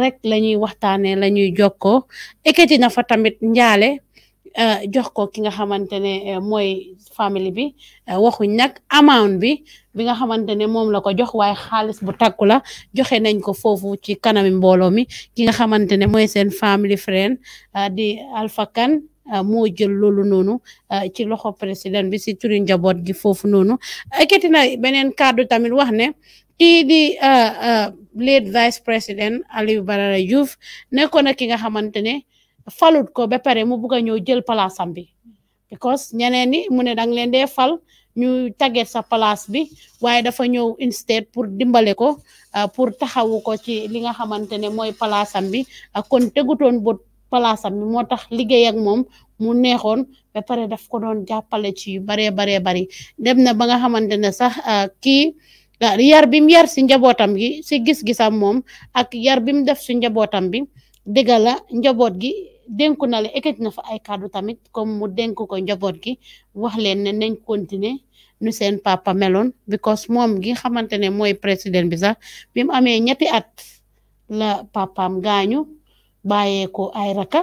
rek la ñuy waxtaanee la ñuy jokkoo ekkati fa tamit njaale. Eh, jox ko ki nga xamante ne eh, mooy famille bi eh, waxuñ nag amount bi bi nga xamante ne moom la ko jox waaye xaalis bu takku la joxe nañ ko foofu ci kanami mbooloo mi ki nga xamante ne mooy seen family friend di Alpha Kane moo jël loolu noonu ci loxo président bi si turi njaboot gi foofu noonu ekkati na beneen kàddu tamit wax ne kii di late vice président Alieu Barara Joof nekkoon na ki nga xamante ne falut ko ba pare mu bëgg ñoo jël place am bi because ñeneen ni mu ne dang leen dee fal ñu tagget sa place bi waaye dafa ñëw instead pour dimbale ko ah, pour taxawu ko ci li nga xamante ne place am bi ah, kon tegutoon bot palaasam bi moo tax liggéey ak moom mu neexoon ba pare daf ko doon jàppale ci yu baree bari dem na ba nga ki ne sax ah, kii yar bi mu yar si njabootam gi si gis-gisam moom ak yar bi def si njabootam bi dëgga la njaboot gi dénku na le ekkati na fa ay kàddu tamit comme mu dénk ko njaboot gi wax leen ne nañ continuer nu seen papa meloon because moom gi xamante ne mooy président bi sax bi mu amee ñetti at la papaam gaañu bàyyee ko ay raka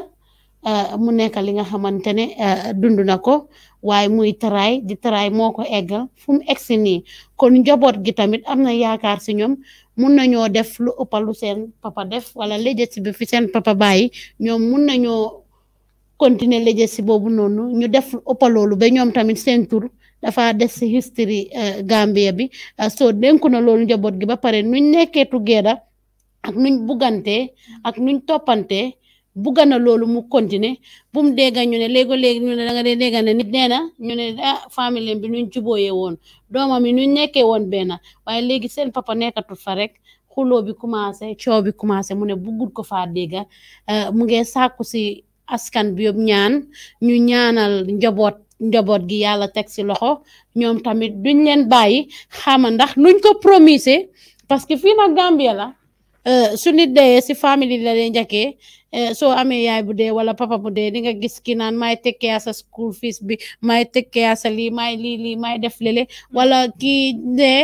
euh, mu nekk li nga xamante ne euh, dund na ko waaye muy taraay di taraay moo ko eggal fu mu egsi nii kon njaboot gi tamit am na yaakaar si ñoom mun nañoo def lu ëppal lu seen papa def wala legacy bi fi seen papa bàyyi ñoom mun nañoo continuer legacy boobu noonu ñu def lu ëppal ba ñoom tamit seen tur dafa des si history euh, Gambia bi euh, soo dénku na loolu njaboot gi ba pare nuñ nekkee together ak nuñ buggante ak nuñ toppante bugga na loolu mu continuer bu mu dégg ñu ne léego léegi ñu ne da nga dee dégg nit nee na ñu ne ah famille bi nuñ jubooyee woon doomam yi nuñ nekkee woon benn waaye léegi seen papa nekkatul fa rek xuloo bi commencé coow bi commencé mu ne buggul ko faa dégg euh, mu ngi sàkku si askan bi yëpp ñaan ñu ñaanal njaboot njaboot gi yàlla teg si loxo ñoom tamit duñ leen bàyyi xama ndax nuñ ko promise parce que fii nag Gambia la euh, su nit dee si famille la dee njëkkee Eh, soo amee yaay bu dee wala papa bu dee di nga gis ki naan may take care school fees bi maay take care sa lii maay lii lii may def lele wala kii dee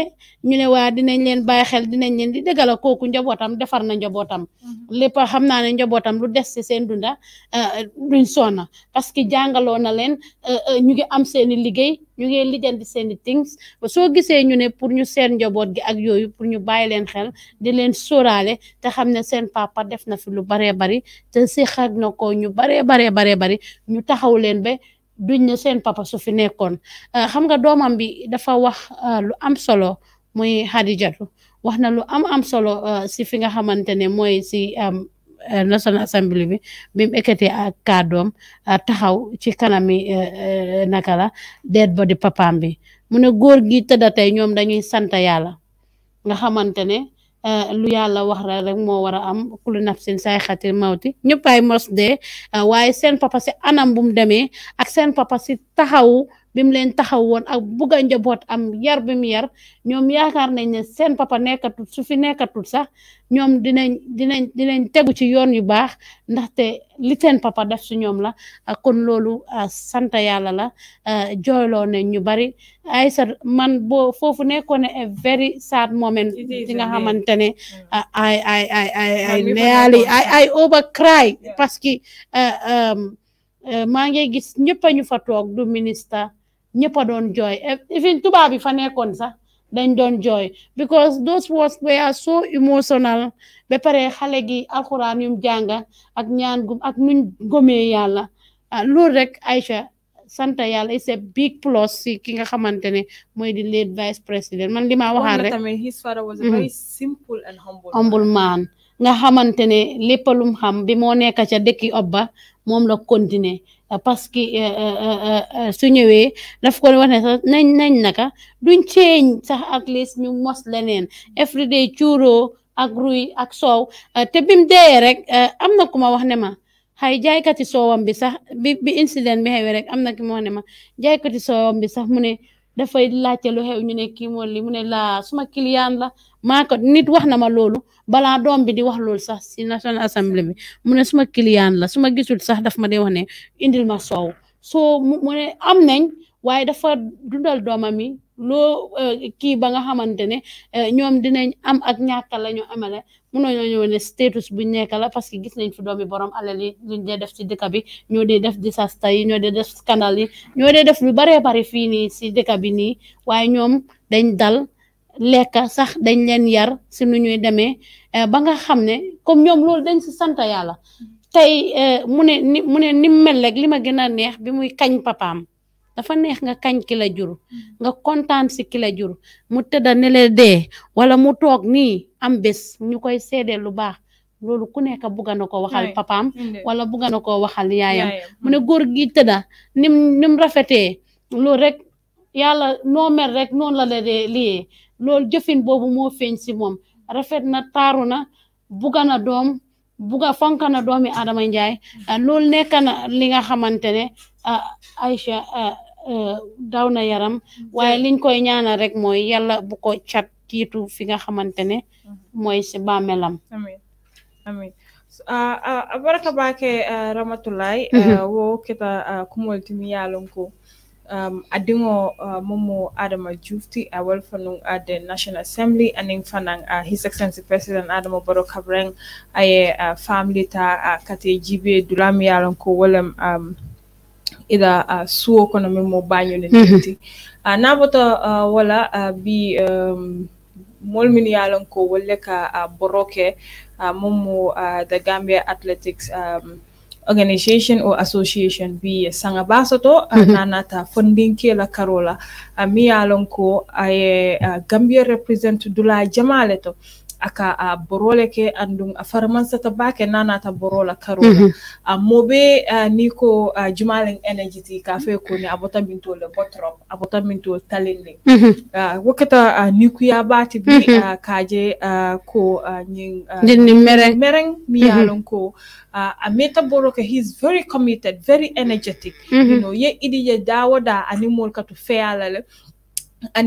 ñu ne waa dinañ leen bàyyi xel dinañ leen di dëggala kooku njabootam defar na njabootam mm-hmm. lépp xam naa ne njabootam lu des si seen dunda eh, duñ sonna parce que jàngaloo na leen eh, ñu ngi am seeni liggéey ñu ngi lijjanti seeni things soo gisee ñu ne pour ñu seen njaboot gi ak yooyu pour ñu bàyyi leen xel di leen sóoraale te xam ne seen papa def na fi lu baree bari te séq ak na ko ñu baree baree baree bari ñu taxaw leen ba duñ ne seen papa su fi nekkoon euh, xam nga doomam bi dafa wax euh, lu am solo muy Hadijatu wax na lu am am solo euh, si fi nga xamante ne mooy si National Assembly bi bi mu ekkatee ak kàddoom taxaw ci kanami naka la deet ba di papaam bi mu ne góor gi tëdda tey ñoom dañuy sant yàlla nga xamante ne Eh, lu yàlla wax la rek moo war a am kullu nafsin saay xatil mawti ñëpp ay mos eh, waaye seen papa si anam bu mu demee ak seen papa si taxawu bi mu leen taxaw woon ak bugg a njaboot am yar bi yar ñoom yaakaar nañ ne seen papa nekkatul su fi nekkatul sax ñoom dinañ dinañ dinañ tegu ci yoon yu baax ndaxte li seen papa def si ñoom la ah, kon loolu ah, sant yàlla la ah, jooyloo ne ñu bari Aïssa man bo foofu nekkoon ne a very sad moment di nga xamante ne ay ay ay ay over cry parce que um, maa ngi gis ñëpp a ñu fa toog du ministre ñëpp a doon jooy e, even tubaab bi fa nekkoon sax dañ doon jooy because those words were so emotional ba pare xale gi alxuraan yum jànga ak ñaan gum ak nuñ gomee yàlla ah, loolu rek Aïcha sant yàlla it's a big plus si ki nga xamante ne mooy di late vice président man li ma waxaan rek his father was a mm-hmm. nga xamante ne lépp xam bi moo nekk ca dëkki obba moom la continuer Euh, parce que euh, euh, su ñëwee daf ko wax ne sax nañ nañ naka duñ ceeñ sax at least ñu mos leneen everyday cuuro ak ruy ak soow te bim dee rek am na ku ma wax ne ma xay jaaykati soowam bi sax bi bi incident bi xewee rek am na ku ma wax ne ma jaaykati soowam bi sax mu ne dafa laajte lu xew ñu ne kii moo mu ne laa suma client la maa nit wax na ma loolu balaa doom bi di wax loolu sax si national assembly bi mu ne suma client la suma gisul sax daf ma dee wax ne indil ma sow soo mu ne am nañ waaye dafa dundal doomam yi loo eh, kii ba nga xamante ne eh, ñoom dinañ am ak ñàkka la ñu amale mënoo ñoo ñëw ne status bu nekk la parce que gis nañ fi doomi borom alal yi luñ dee def si dëkk bi ñoo dee def disaster yi ñoo dee def scandale yi ñoo dee def lu baree bari fii nii si dëkk bi nii waaye ñoom dañ dal lekka sax dañ leen yar si nu ñuy demee eh, ba nga xam ne comme ñoom loolu dañ si sant yàlla tey mu ne ni mu mel rek li ma gën a neex bi muy kañ papaam dafa neex nga kañ ki la jur mm. nga kontaan si ki la jur mu tëdda ne la dee wala mu toog nii am bés ñu koy seedeel lu baax loolu ku nekk na ko waxal papaam wala bugg na ko waxal yaayam mm. mu ne góor gi tëdda nim nim rafetee loolu rek yàlla noo mel rek noonu la la dee liyee loolu jëfin boobu moo feeñ si moom rafet na taaru na bugg na doom bugg a fonk na doomi Adama Njaay mm. ah, loolu nekk na li nga xamante aisha ah, Eh, daw na yaram mm-hmm. waaye liñ koy ñaanal rek mooy yàlla bu ko cat tiitu fi nga xamante ne mm-hmm. mooy si bàmmeelam amiin amiin abaraka uh, uh, baake uh, ramatulay mm-hmm. wo keta kumoltini yaalonko um, adingo uh, momo adama jufti a welfanung at the national assembly aning fanang uh, his excellency president adama baro kabreng aye uh, family ta uh, kate jibe dulam yalon wolem um, ida uh, suo kono min mo bañole mm -hmm. ti uh, wala uh, bi um, mol min yalon ka uh, boroke uh, mom the euh, Gambia Athletics um, euh, organisation or association bi sanga basoto mm -hmm. nanata funding kela karola uh, mi yalon ko ay uh, Gambia dula jamale to aka a borole ke andun a farmansata bake nanata borola karola mm -hmm. a mobe a, niko a, jumalen energy ti kafe koni abota minto le botrop abota minto talinde mm -hmm. a, wakata a, nikuya bati bi mm -hmm. a, kaje a, ko a, nyin a, mereng mereng miyalon mhm. mm -hmm. ko uh, Amita Boroka, he's very committed, very energetic. Mhm. You know, ye idi ye dawo da animal ka to fair lale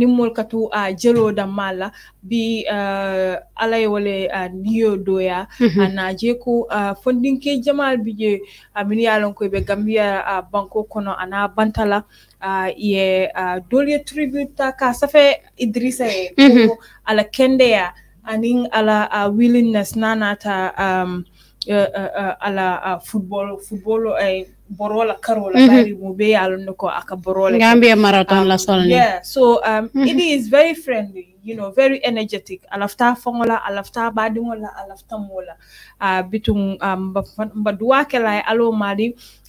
mol katu a uh, jelo da mala bi uh, ah, alay e wale uh, ah, niyo doya mm -hmm. ana je ko uh, ah, funding ke jamal bi je amin uh, yalon ko e be gambia uh, banko kono ana bantala uh, ye uh, dolye tribute ka safe idrissa ye mm -hmm. ko ala kende ya anin ala uh, willingness nanata um, uh, uh, uh, ala uh, football football uh, borola karola mm -hmm. bari mu be yalon ko aka borola gambia marathon um, la solni yeah um, mm-hmm. it is very friendly you know very energetic alafta fongola alafta badingola alafta mola uh, bitum um, mbaduwa ala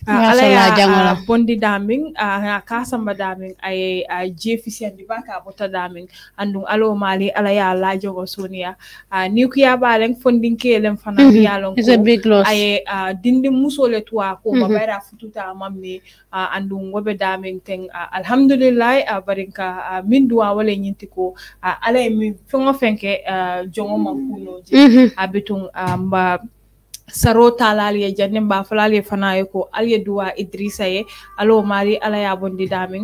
uh, ya uh, bondi daming uh, kasamba daming ay uh, jefisi andi baka bota daming andung alo uh, mm-hmm. a fututa mamni andun wobe damin ten alhamdulillah barinka min duwa wala nyinti ko ala min fengo fenke jongo mm-hmm. mankuno je mm-hmm. abetun mba saro tala aliye jande mbafala fana yuko ali aliye idrisa ye alo mari ala ya bondi uh,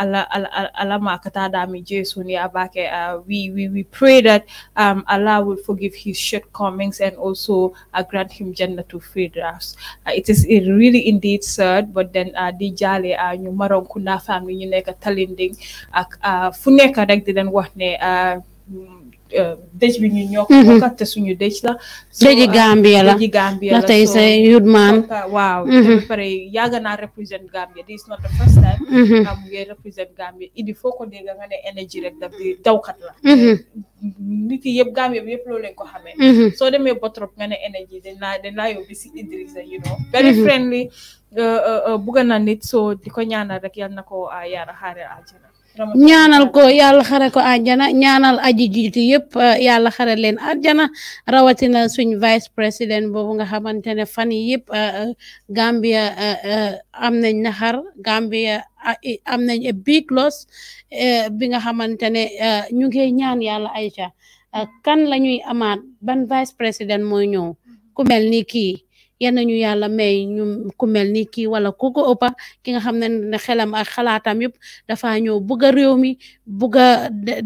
ala, ala, ala, makata dami jesun ni abake uh, ah, we, we, we pray that um, Allah will forgive his shortcomings and also uh, grant him jannah to free drafts uh, it is it really indeed sad but then uh, di jale uh, ñu maron ku na family ñu nekk talinding ak uh, fu rek di den wax uh, Euh, dëj bi ñu ñoo ko mhm. bokk te suñu dëj la dëji euh, Gambia la dëji Gambia la tey sa yud maam waaw te mhm. pare yàgg naa represent Gambia this is not the first mhm. foo ko dégg nga ne énergie rek daf la nit yi yëpp Gambia yëpp loolu lañ ko xamee soo demee Botrop nga ne énergie dañ laa dañ laa yóbbu si Idrissa you very friendly euh, bugga na nit soo di ko ñaanal rek yal na ko yaara xaaree aljana ñaanal ko yàlla xare ko àjjana ñaanal aji jiitu yëpp uh, yàlla xare leen àjjana rawatina suñ vice président boobu nga xamante ne fan yi yëpp uh, uh, Gambia am nañ naxar Gambia am nañ a loss bi nga xamante ne ñu ngi ñaan yàlla Aïcha kan la ñuy amaat ban vice président mooy ñëw ku mel ni kii yal na ñu yàlla may ñu ku mel ni kii wala ku ko ki nga xam na xelam ak xalaatam yëpp dafa ñëw bugg a réew mi bugg a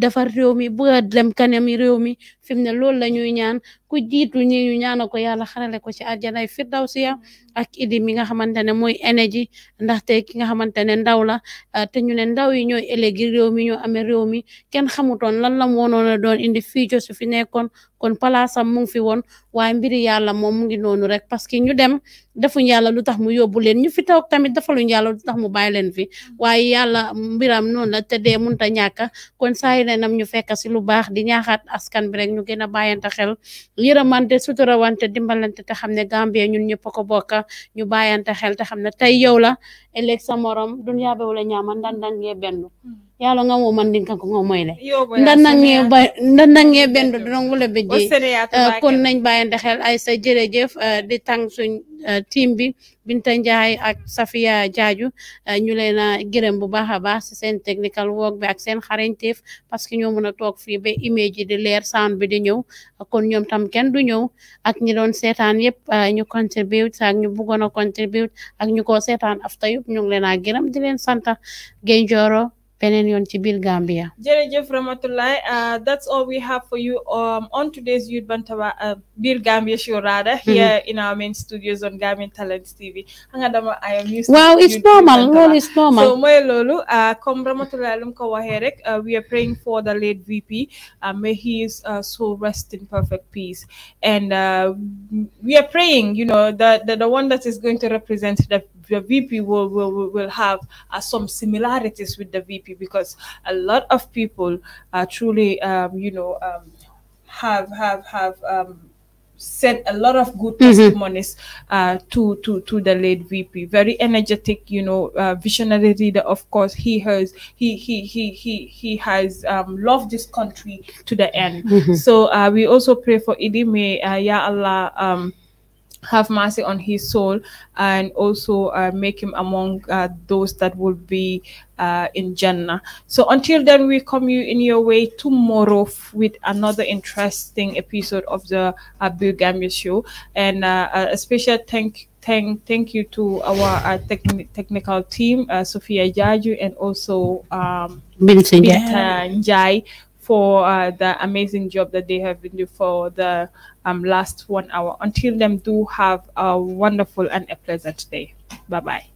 defar réew mi bugg dem kanam réew mi fi mu ne loolu la ñuy ñaan ku jiitu ñi ñu ñaana ko yàlla xarale ko ci si firdawsiya ak idi mi nga xamante ne mooy énergie ndaxte ki nga xamante ne ndaw la ah, te ñu ne ndaw yi ñooy élegi réew mi ñoo amee réew mi kenn xamutoon lan la woonoon a doon indi fii jo su fi nekkoon kon palaasam mu ngi fi woon waaye mbiri yàlla moom mu ngi rek parce que ñu defuñ yàlla lu tax mu yóbbu leen ñu fi toog tamit defaluñ yàlla lu tax mu bàyyi leen fi waaye yàlla mbiram noonu la te dee mënut a ñàkk kon saa yu ne nam ñu fekk si lu baax di ñaaxaat askan bi rek ñu gën a bàyyante xel yërëmante wante dimbalante te xam ne Gambie ñun ñëpp ko bokk ñu bàyyante xel te xam ne tey yow la ëllëg sa morom dunya bew la ñaama ndan ndan ngee benn yalo nga mo mandin kan ko ngo moyle ndanange ndanange bendo don bi beje kon nañ bayande xel ay sa jërëjëf euh, di tang suñ euh, team bi Binta Njaay ak Safia Jaaju euh, ñu leen a gërëm bu baax a baax seen technical work bi ak seen xarañteef parce que ñoo mën a toog fii ba image yi di leer sound bi di ñëw kon ñoom tam kenn du ñëw ak ñi doon seetaan yëpp ñu contribute saak ñu bëggoon a contribute ak ñu ko seetaan afta yëpp ñu ngi leen a gërëm di leen santa Gaye Njoro beneen yoon ci Gambia. jërëjëf uh, that's all we have for you um, on today's Youth Bantaba uh, biir Gambia show rather hmm. here in our main studios on Gambian Talent TV. xanaa dama I am used. Wow, it's normal it's normal. so mooy loolu uh, comme Ramatoulaye lu ko rek we are praying for the late VP may he is so rest in perfect peace and we are praying you know that the one that is going to represent the VP will will will have some similarities with the VP you because a lot of people are truly, um, you know, um, have have have um, said a lot of good mm-hmm. testimonies uh, to to to the late VP. Very energetic, you know, uh, visionary leader. Of course, he has he he he he he has um, loved this country to the end. Mm-hmm. So uh, we also pray for Idime, uh, Ya Allah. Um, have mercy on his soul and also uh, make him among uh, those that will be uh, in Jannah. So until then, we come you in your way tomorrow with another interesting episode of the Abu Bill Show. And uh, a special thank thank thank you to our uh, technical team, uh, Sophia Jaju, and also um, Binta Njai for uh, the amazing job that they have been doing for the um, last one hour. Until then, do have a wonderful and a pleasant day. Bye bye.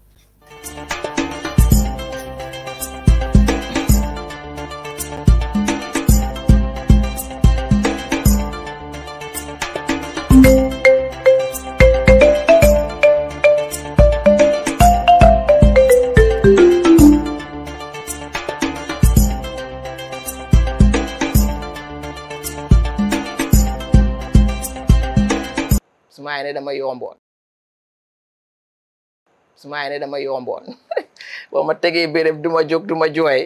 maa ngi dama yomboon su maa ngi dama yomboon boo ma tegee béréb du ma jóg ma jooy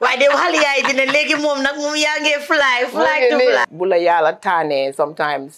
waaye de waxal yaay dina léegi moom nag moom yaa ngi fly fly to fly bu la yàlla taanee sometimes